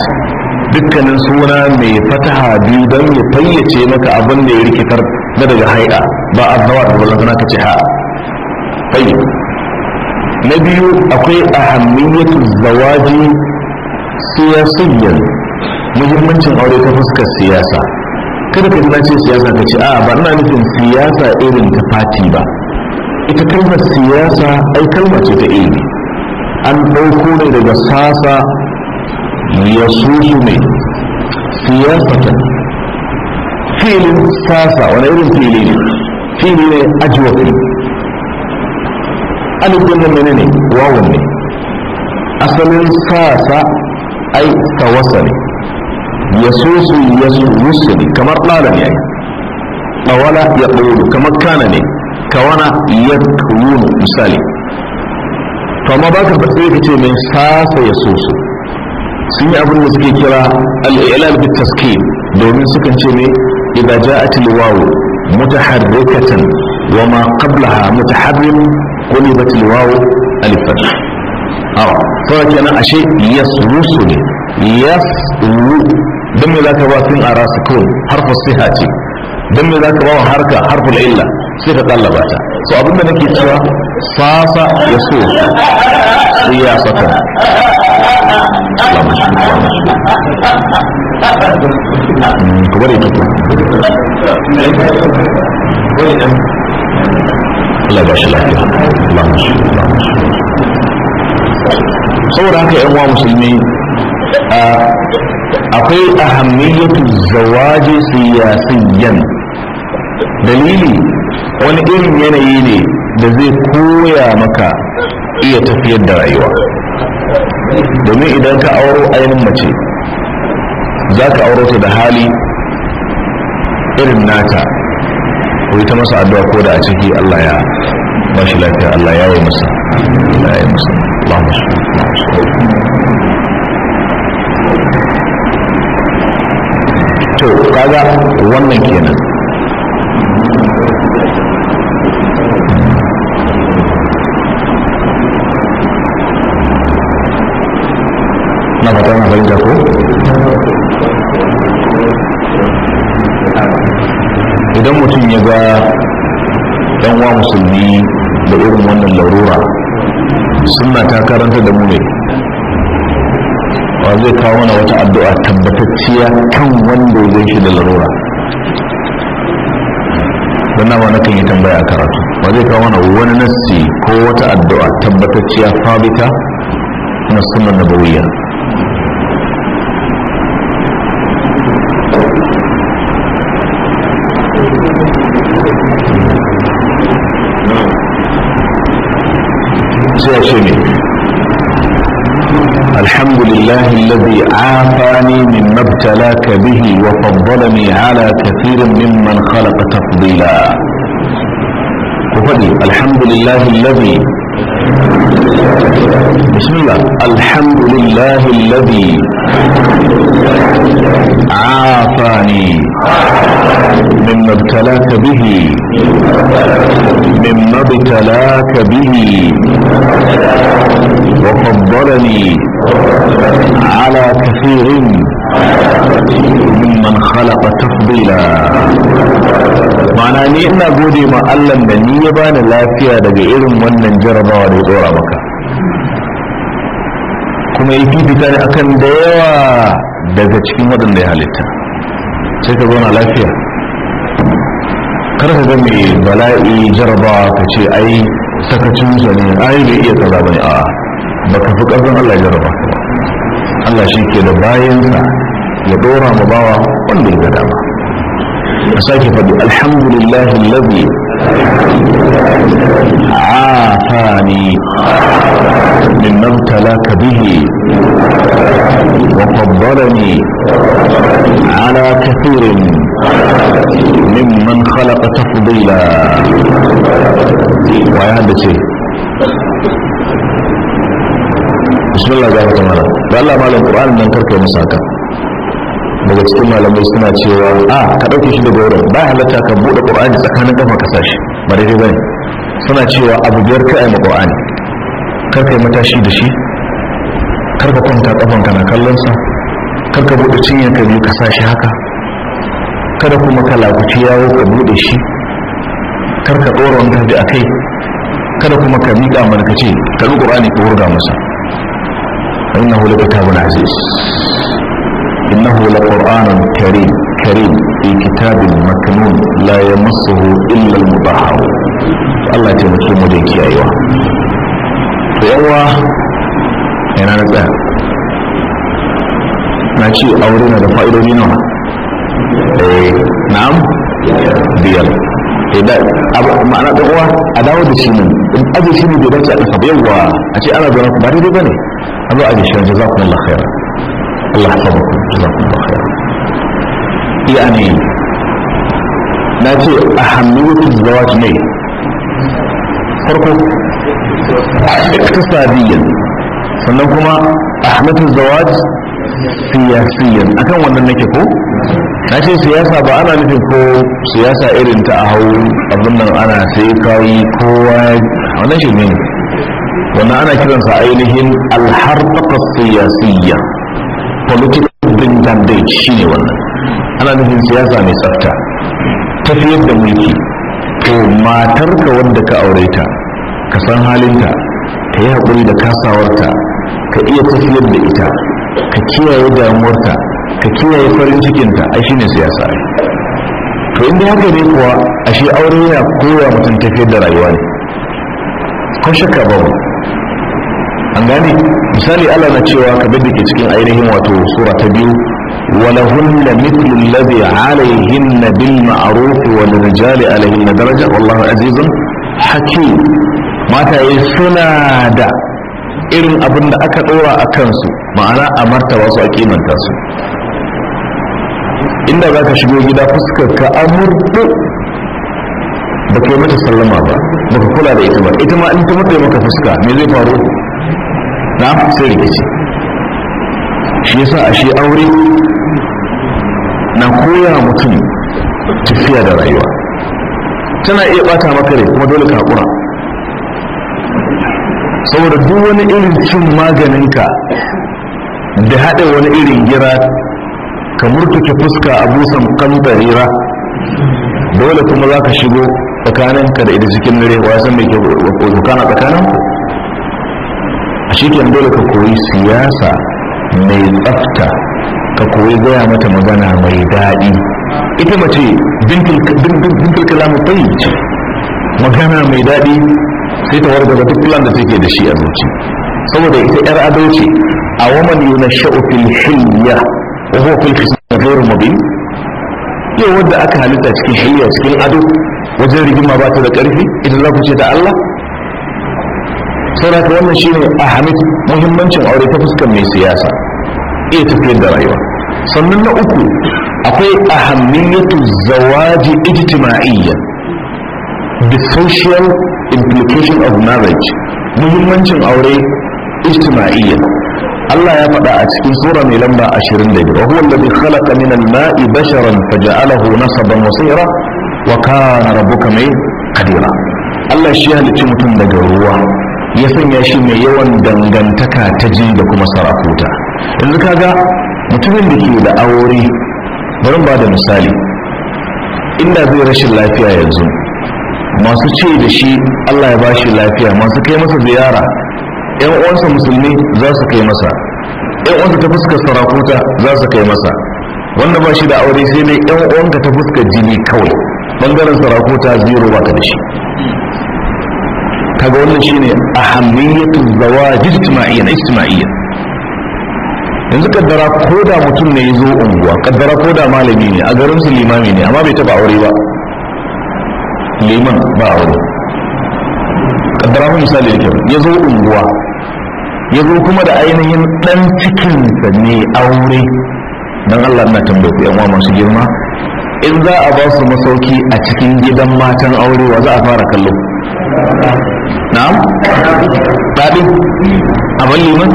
dukkanin suna mai fataha biyu don ya fayyace maka abin da ya rikitar na daga haida ba a zawa da ballan suna ka ce ha fayi na biyu akwai ahammiyatu zawaji siyasiyyan muhimmancin aure ta fuskar siyasa kada ka ce siyasa ka ce a ba ina nufin siyasa irin ta fati ba ita kalmar siyasa ai kalmar ce ta ilimi an ɗauko ne daga sasa ya susu ne siyasata filin sasa wani irin fili ne fili ne ajiwafi alifin nan mene ne wawan ne asalin sasa ai tawasa ne ya susu ya susu ne kamar ɗala ne ai ɗawala ya ɗoro kamar kana ne kawana ya kuyunu misali to amma ba ka sai ka ce mai sasa ya so su sun yi abin da suke kira al'ilal bit taski domin sukan ce ne idza ja'at al-waw mutaharrikatan wa ma qablaha mutaharrim qulibat al-waw alif fath aw to kenan ashe yasrusu ne yasru dan me zaka ba sun arasa kawai harfin siha ce don me za ka bawa harka harful illa sai ka kallaba ta so abinda nake cewa sasa ya so siyasatan ku bari tuku Allah ba shi lafiya Allah ba shi saboda haka yan uwa musulmi akwai ahammiyatu zawaji siyasiyan dalili wani irin yanayi ne da zai koya maka iya tafiyar da rayuwa domin idan ka auro ainihin mace za ka auro ta da hali irin nata ko ita masa addu'a ko da a ciki Allah ya shi lafiya Allah ya yi masa Allah ya yi masa Allah to kaga wannan kenan sunna ta karanta da mu ne wa zai kawo mana wata addu'a tabbatacciya kan wanda ya gaishe da larura don nama na kan yi tambaya a karatu wa zai kawo mana wani nassi ko wata addu'a tabbatacciya fabita na sunan nabawiyya لله الذي عافاني مما ابتلاك به وفضلني على كثير ممن خلق تفضيلا وفدي الحمد لله الذي بسم الله الحمد لله الذي عافاني مما ابتلاك به مما ابتلاك به وفضلني على كثير mimman khalaqa tafdila ma'ana ni ina gode ma Allah da ni ya bani lafiya daga irin wannan jarabawa da ya tsora maka kuma ya fifita ne akan da yawa daga cikin waɗanda ya halitta sai ka zauna lafiya kar ka ga mai bala'i jarabawa ka ce ai sakacinsa ne ai bai iya kaza bane a baka fi ƙarfin Allah jarba Allah shi ke da bayansa ya dora mu bawa wanda ya dama a sake faɗi lazi عافاني مما امتلاك به وفضلني على كثير ممن خلق تفضيلا ويهدسي بسم الله الرحمن الرحيم قال الله ما القران من ترك مساكه daga cikin malamai suna cewa a ka ɗauke shi daga wurin ba halatta ka buɗe ƙur'ani tsakanin kafa ka sashi ba daidai bane suna cewa abu biyar ka aima ƙur'ani kar ka yi matashi da shi kar ka kwanta kafan ka na kallon sa kar ka buɗe cinyar ka biyu ka sashi haka kada kuma ka lakuci yawo ka buɗe shi kar ka ɗora wani gardi a kai kada kuma ka miƙa mana ka ce ka bi ƙur'ani ka wurga masa innahu lakatabun aziz لقرآن كريم كريم في كتاب مكنون لا يمسه إلا المباحر الله تمكي مدينك أيوة فيوا هنا نتبع ناشي أورينا دفائل منها نعم بيال idan abu ma'ana da uwa a dawo da shi ne in aje shi ne bai dace a kafa yawa a ce ana ba daidai bane a zo aje الله يحفظكم جزاكم الله خيرا يعني ما تو أهمية الزواج ليه؟ فرقه اقتصاديا سنكما أهمية الزواج سياسيا أكن وانا نكيكو ناشي سياسة بأنا نفيكو سياسة إيه انت أهو أظن أنا سيكاي كواج وانا شي مين وانا أنا كده سأيلهم الحرب السياسية political bring down shi shine wannan ana nufin siyasa mai tsafta tafiyar da mulki to matarka wanda ka aure ta ka san halinta ka yi haƙuri da kasawarta ka iya tafiyar da ita ka kiyaye damuwarta ka kiyaye farin cikinta ai ne siyasa to inda haka ne kuwa ashe aure ya koya mutum tafiyar da rayuwa ne ko shakka babu an gane misali Allah na cewa kamar da ke cikin ainihin wato sura ta biyu ولهن مثل الذي عليهن بالمعروف وللرجال عليهن درجة والله عزيز حكيم mata yi suna da irin abin da aka ɗora a kansu ma'ana a martaba su a kimanta su inda za ka shigo gida fuskar ka amurku ba ke mata sallama ba ba ka kula da ita ba ita ma in ta mata maka fuska me zai faru na sai rikici shi yasa shi aure na koya mutum tafiya da rayuwa tana iya bata maka rai kuma dole ka saboda duk wani irin cin maganinka da haɗa wani irin gira ka murtuke fuska a busan kandarira dole kuma za ka shigo tsakaninka da ita cikin dare wasan mai kyau kana tsakanin shi ke dole ka koyi siyasa mai tsafta ka koyi gaya mata magana mai daɗi ita mace bintul kalamu fahimci magana mai daɗi sai ta wargaza duk filan da take da shi a zuci saboda ita yar ado ce a waman yunashau fil hilya wa huwa fil khismi ghayr yau wadda aka halitta cikin hilya cikin ado wajen rigima ba ta da ƙarfi idan za ku ce da Allah sauraka wannan shine ahamid muhimmancin aure ta fuskar mai siyasa iya tafiyar da rayuwa sannan na uku akwai ahammiyatu zawaji ijtima'iyya the social implication of marriage muhimmancin aure ijtima'iyya Allah ya faɗa a cikin sura mai lamba 22 wa huwa alladhi khalaqa min al-ma'i basharan faja'alahu nasaban wa sayra wa kana rabbuka mai qadira Allah shi ya halicci mutum daga ruwa ya sanya shi mai yawan dangantaka ta ji da kuma sarakuta yanzu kaga mutumin da ke da aure bari ba da misali inda zai rashin lafiya yanzu masu ce da shi Allah ya bashi lafiya masu kai masa ziyara yan uwansa musulmi za su kai masa yan uwansa ta fuskar sarakuta za su kai masa wanda ba shi da aure sai dai yan uwanka ta fuskar jini kawai bangaren sarakuta zero ba da shi kaga wannan shine ahammiyatu zawaji ijtima'iyya ijtima'iyya yanzu kaddara ko da mutum ne yazo unguwa kaddara ko da malami ne a garin su limami ne amma bai taba aure ba liman ba aure kaddara mu misali yake yazo unguwa yazo kuma da ainihin dan cikin sa ne aure dan Allah ina tambaye ku yan uwa masu girma in za a ba su masauki a cikin gidan matan aure wa za a fara kallo na'am babi abin liman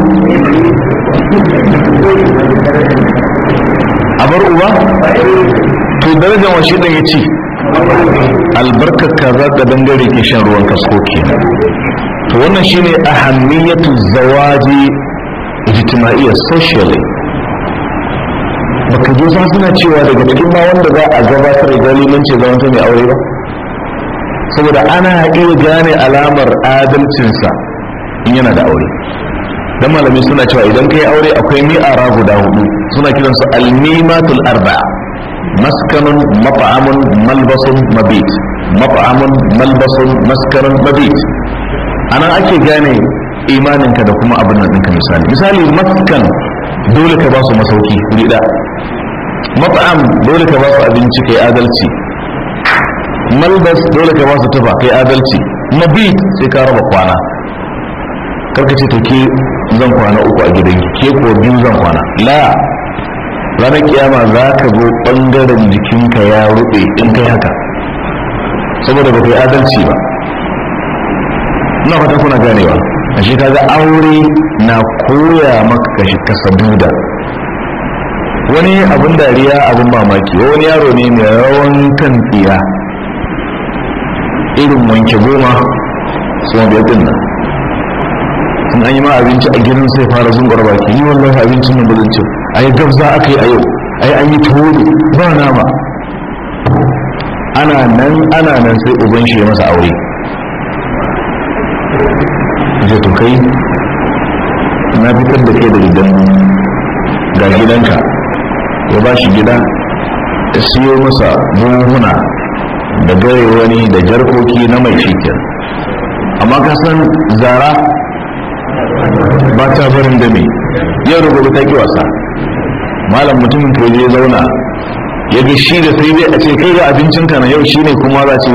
abar uba to darajar washe ɗan ya ce albarkar kaza da dangare ke shan ruwan kasko kenan to wannan shine ahammiyatu zawaji ijtima'iyya socially baka je san suna cewa daga cikin ma wanda ba a gabatar da limanci zaman ta mai aure ba saboda ana iya gane alamar adalcinsa in yana da aure dan malamai suna cewa idan kai aure akwai mi'ara guda hudu suna kiransu almimatul arba'a maskanun mat'amun malbasun mabit mat'amun malbasun maskanun mabit ana ake gane imaninka da kuma abin nan dinka misali misali maskan dole ka ba su masauki wuri da mat'am dole ka ba su abinci kai adalci malbas dole ka ba su tufa kai adalci mabit sai ka raba kwana karka ce to zan kwana uku a gidan ke ko biyu zan kwana la ranar kiyama za ka zo bangaren jikinka ya rube in kai haka saboda ba kai adalci ba na fata kuna ganewa a shi ga aure na koya maka ka wani abin dariya abin mamaki wani yaro ne mai rawan kan tsira irin wanke goma suma biyar din nan in an yi ma abinci a gidan sai fara zungar baki yi wallahi abincin nan ba zan ci ai gabza aka yi a yau yi an yi tuwo ba nama ana nan ana nan sai uban shi ya masa aure je to kai na fitar da kai da gidan ga gidanka ya ba shi gida ya siyo masa buhuna da gare wani da jarkoki na mai cikin amma ka san zara ba ta barin da ne yau rubutu ta ki wasa malam mutumin ko je zauna ya ga shi da sai dai a ce kai da abincin ka na yau shine kuma za ce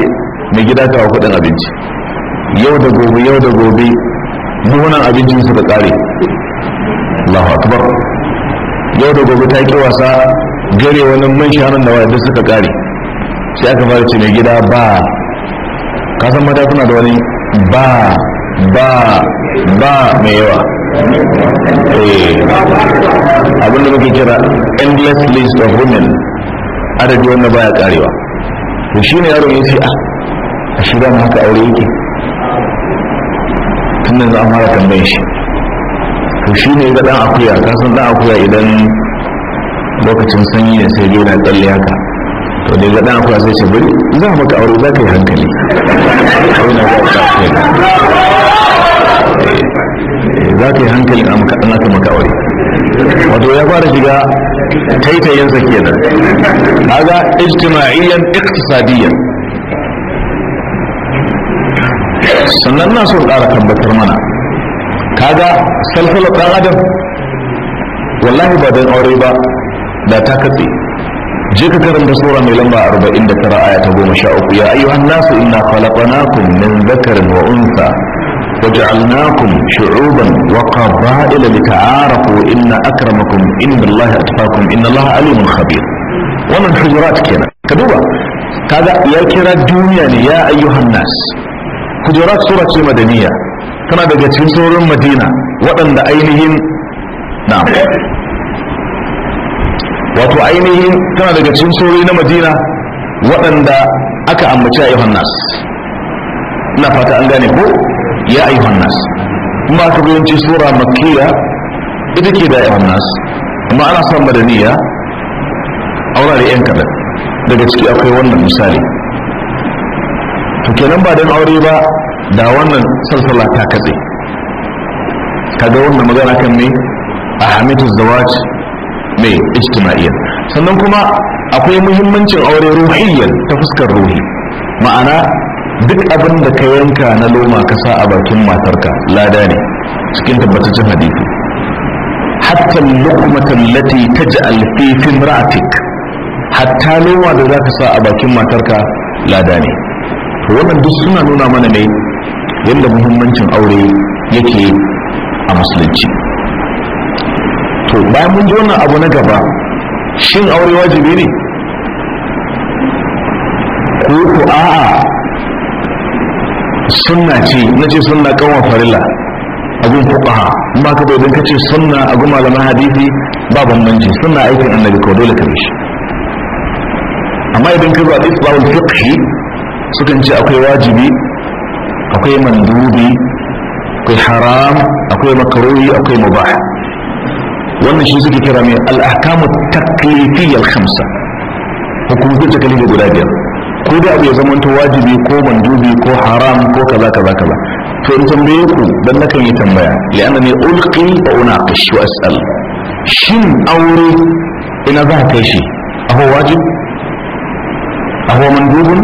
mai gida ta wa kudin abinci yau da gobe yau da gobe munan abincin su da kare Allahu akbar yau da gobe ta ki wasa gare wani man shanun da wayar suka kare sai aka fara ce mai gida ba kasan mata suna da wani ba ba ba mai yawa eh. abinda muke kira endless list of women adadi wanda baya karewa to shi ne yaro ya ce ah, a shi mu haka aure yake tun da an fara tambayin shi to shi ne ga dan akuya kasan dan akuya idan lokacin sanyi ne sai yana na tsalle haka to da gaɗa akwai sai ce bari za maka aure za ka yi hankali eh, za ka yi hankali a maka maka aure wato ya fara shiga taitayinsa kenan kaga ijtima'iyyan iqtisadiyyan sannan na so ƙara tabbatar mana kaga salfalar ɗan adam wallahi ba don aure ba da ta katse je ka karanta sura mai lamba 49 aya ta 13 ya ayyuhan nasu inna khalaqnakum min dhakarin wa untha waj'alnakum shu'uban wa qaba'ila lita'arafu inna akramakum inda Allah atqakum inna Allah alimun khabir wannan hujurat kenan ka duba kaga ya kira duniya ne ya ayyuhan nas hujurat sura ce madaniya tana daga cikin sauran madina waɗanda ainihin na'am wato ainihin tana daga cikin sauri na madina waɗanda aka ambaci a yohan nas ina fata an gane ko ya a nas kuma aka bayanci sura makiya ita ke da ayyuhan nas amma ana son madaniya a wurare yan kaɗan daga ciki akwai wannan misali to kenan ba don aure ba da wannan salsala ta katse kaga wannan magana kan ne a hamitu zawaj mai ijtima'iyya sannan kuma akwai muhimmancin aure ruhiyyan ta fuskar ruhi ma'ana duk abin da ka yanka na loma ka sa a bakin matarka lada ne cikin tabbataccen hadisi hatta luqmatan lati taj'al alfifin ra'atik. hatta loma da zaka sa a bakin matarka lada ne wannan duk suna nuna mana ne yadda muhimmancin aure yake a musulunci to bayan mun ji wannan abu na gaba shin aure wajibi ne ko ku a'a sunna ce na ce sunna kanwa farilla abin fuqaha in ba ka bai ka ce sunna a gun malaman hadisi ba bambanci sunna aikin annabi ko dole ka shi amma idan ka zuwa isbahul fiqhi sukan ce akwai wajibi akwai mandubi akwai haram akwai makaruhi akwai mubah wannan shi suke kira mai al'akamu taklifiyar khamsa hukumar takalifi guda biyar ko da abu ya zama ta wajibi ko mandubi ko haram ko kaza kaza kaza to in tambaye ku dan nakan yi tambaya li'anna ne ulqi wa unaqish wa as'al shin aure ina za ka kai shi aho wajib aho mandubun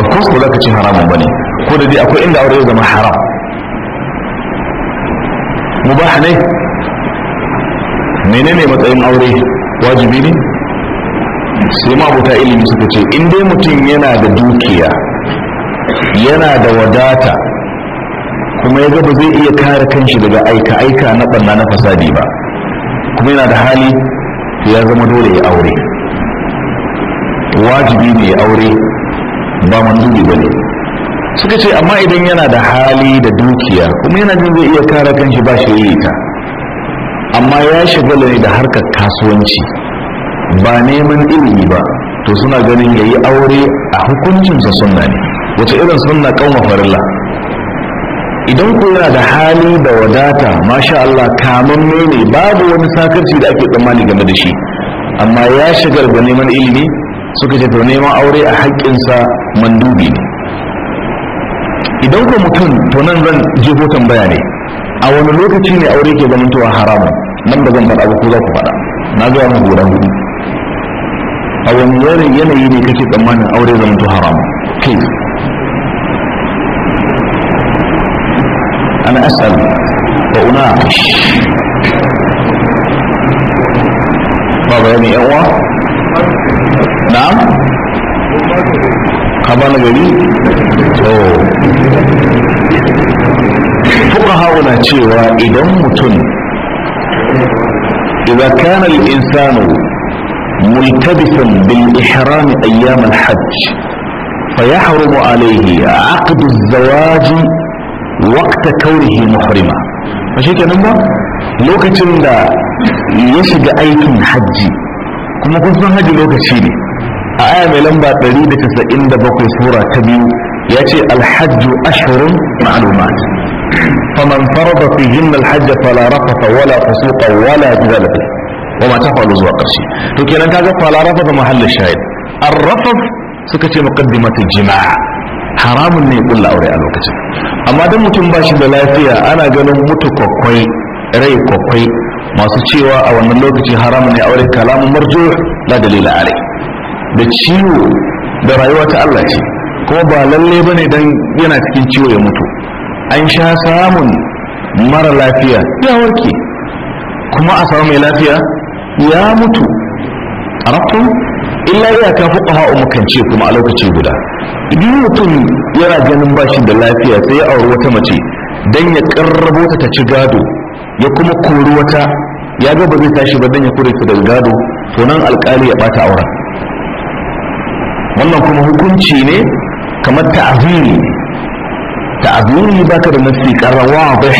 of course ba za ka ci haramun bane ko da dai akwai inda aure ya zama haram mubah ne menene matsayin aure wajibi ne sai mabuta ilimi suka ce in dai mutum yana da dukiya yana da wadata kuma ya ba zai iya kare kanshi daga aika-aika na barna na fasadi ba kuma yana da hali ya zama dole ya aure wajibi ne ya aure ba mandubi ba ne suka ce amma idan yana da hali da dukiya kuma yana jin zai iya kare kanshi ba shi yi ta amma ya shiga ne da harkar kasuwanci ba neman ilimi ba to suna ganin ya yi aure a hukuncinsa sunna ne wace irin sunna kauna farilla idan ku yana da hali da wadata masha Allah kamar ne babu wani sakarci da ake tsammani game da shi amma ya shigar da neman ilimi suka ce to neman aure a haƙƙinsa mandubi ne idan ku mutum to nan zan jibo tambaya ne a wani lokaci ne aure ke zamantowa haramun nan da zan faɗa ba ko za ku faɗa na gaya muku guda hudu a wani yanayi ne kake tsammanin aure zamanto haramun kai ana asal wa una ba bayani yan uwa na'am ka bani gari to فقهاؤنا تشيوا إذا متن إذا كان الإنسان ملتبسا بالإحرام أيام الحج فيحرم عليه عقد الزواج وقت كونه محرما ماشي كده لو كان ده يشق أي حج كما كنت حج لو كان آية لمبا تريد تسأل إن بقي سورة كبير يأتي الحج أشهر معلومات faman farada fihin alhajj fala rafata wala fusuqa wala jidala fi wa ma tafalu zuwa karshe to kenan kaga fala rafata mahallin shahid arrafat suka ce muqaddimatu jima'a haramun ne kulla aure a lokacin amma dan mutum bashi da lafiya ana ganin mutu kwakwai rai kwakwai masu cewa a wannan lokacin haramun ne aure kalamun marju la dalila alai da ciwo da rayuwa ta Allah ce kuma ba lalle bane dan yana cikin ciwo ya mutu an sha samun mara lafiya ya warke kuma a samu mai lafiya ya mutu a illa ya ka fuka ha'u makance kuma a lokaci guda idan mutum yana ganin bashi da lafiya sai ya auri wata mace don ya karrabo ta ta ci gado ya kuma kori wata ya ga ba zai tashi ba don ya kore ta daga gado to nan alkali ya bata auren wannan kuma hukunci ne kamar ta'aziri تأبوني بكر نفسي كان واضح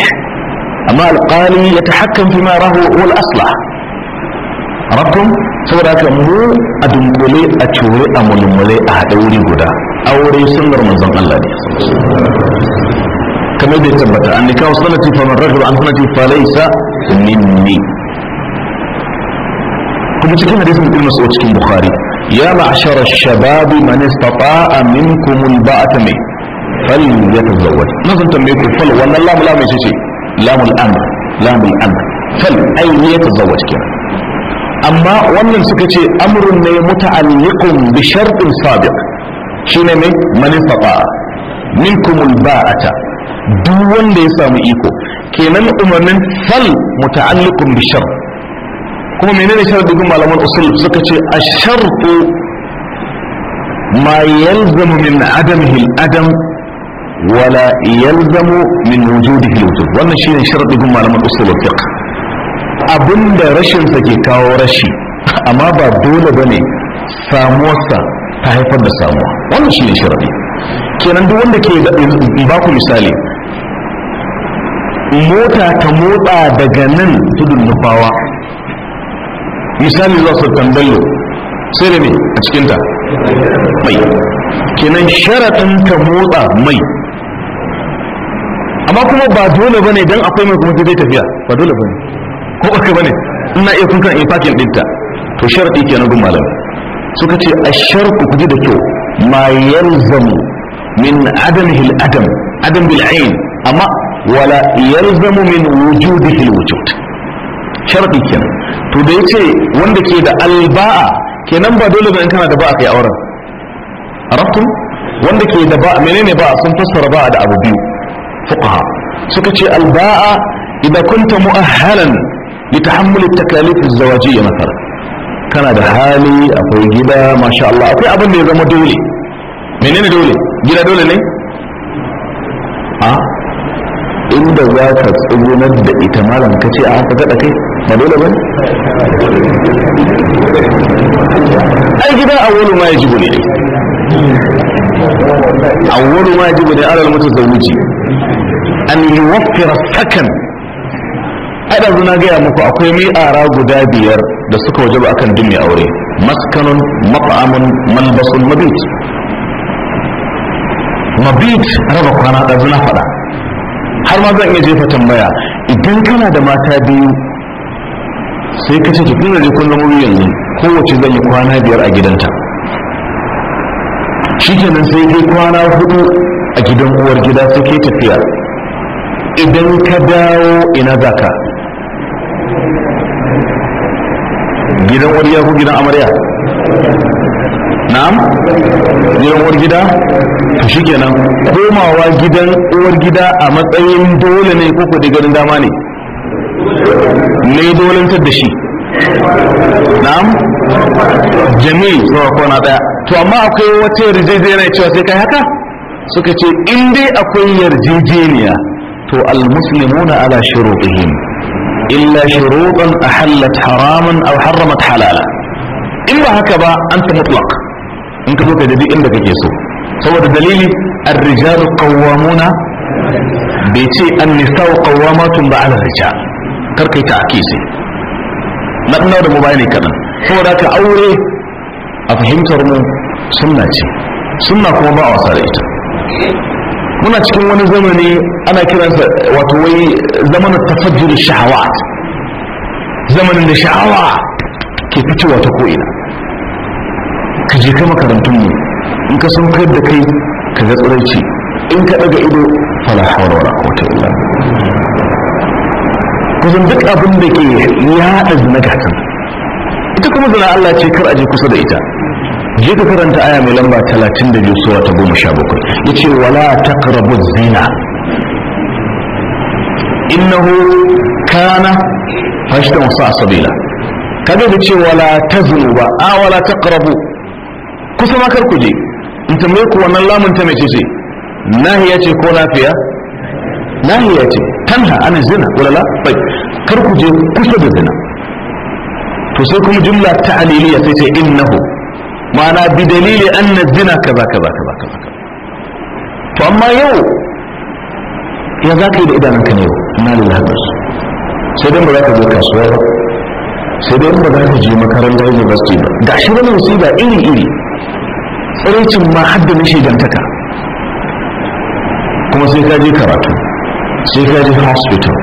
أما القالي يتحكم فيما راه والأصلح ربكم سورة أمه أدنقلي أتوري أمولي أهدوري قدا أوري سنر من زمان الله كما يدي تبتا أني كاو صلتي فمن رجل عن صلتي فليس مني كما تكين حديث من المسؤول تكين بخاري يا معشر الشباب من استطاع منكم الباء fal yatazawwaj na sun tambaye ku fal wannan lamu lamu ce ce lamul amr lamul amr fal ai yatazawwaj kenan amma wannan suka ce amrun ne muta'alliqun bi shartin sabiq shine ne man istata minkum ba'ata, duk wanda ya samu iko kenan umarnin fal muta'alliqun bi shart kuma menene sharadin malaman usul suka ce ashartu ma yalzamu min adamihi al-adam wala yalzamu min wujudihi wujud wannan shine sharadin malaman usul abinda rashin ke kawo rashi amma ba dole bane samuwarsa ta haifar da samuwa wannan shine sharadi kenan duk wanda ke ba ku misali mota ta motsa daga nan tudun nufawa misali zuwa sultan bello sai da ne a cikinta kenan sharaɗin ta motsa mai amma kuma ba dole bane dan akwai mai kuma zai tafiya ba dole bane ko baka bane ina iya kun kan ifakin dinta to sharadi kenan gun malam suka ce a asharku kuje da kyau ma yalzamu min adamihi al-adam adam bil ayn amma wala yalzamu min wujudihi al-wujud sharadi kenan to da yace wanda ke da alba'a kenan ba dole ba in kana da ba'a kai auren arabtum wanda ke da ba'a menene ba'a sun fassara ba'a da abu biyu فقهاء سكتش الباء إذا كنت مؤهلا لتحمل التكاليف الزواجية مثلا كان حالي أقول جدا ما شاء الله أقول أبن إذا ما دولي منين دولي جدا دولي لي ها آه؟ إن دواك تقول نبدأ إتمالا كتي أعطى آه كي ما دولة بني أي جدا أول ما يجب لي أول ما يجب لي على المتزوجين an yi wafira sakan ada zuna gaya muku akwai mi'ara guda biyar da suka waje ba akan dumi aure maskanun mat'amun malbasun mabit mabit raba kwana da zuna faɗa har ma zan iya jefa tambaya idan kana da mata biyu sai ka ce tukun da kullum zama yanzu kowace zan yi kwana biyar a gidanta Shi kenan sai kai kwana hudu a gidan uwar gida sai ke tafiya idan ka dawo ina za ka gidan wariya ko gidan amarya na'am gidan uwar gida to shikenan komawa gidan uwar gida a matsayin dole ne ko ko ganin dama ne ne dolantar da shi na'am jami'i sawa na daya to amma akwai wata yarjejeniya cewa sai kai haka suka ce in dai akwai yarjejeniya تو المسلمون على شروطهم إلا شروطا أحلت حراما أو حرمت حلالا إما هكذا أنت مطلق أنت مطلق تدي إنك كيسو سوى الدليل الرجال قوامون بيتي النساء قوامات على الرجال تركي تعكيسي na ɗanar da mu bayani ذاك أولي أفهمت رمو سنة سنة mu sunna muna cikin wani zamani ana kiransa wato wai zamanin tafajjur sha'awa zamanin da sha'awa ke fitowa ta ko'ina ka je ka makarantunmu in ka san kai da kai ka ga tsiraici in ka daga ido fala hawla wala quwwata illa kusan duk abin da ke yada zina gatan ita kuma zina Allah ce kar aje kusa da ita je ka karanta aya mai lamba 32 sura ta 17 yace wala taqrabu zina innahu kana fashtan sa sabila kada da ce wala taznu ba a wala taqrabu kusa ma kar ku je in tambaye ku wannan lamun ta mece ce nahiya ce ko lafiya nahiya ce tanha ana zina wala bai kar ku je kusa da zina to sai kuma jumla ta'aliliya sai ce innahu ma'ana bi dalili an na zina ka ba ka ba. to amma yau ya za ka yi da idanunka ne yau na su sai dai ba za ka je kasuwa ba sai dai ba za ka je makaranta university ba ga shi wani musiba iri iri tsiraicin ma hadda na shigantaka kuma sai ka je karatu sai ka je hospital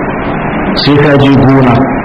sai ka je gona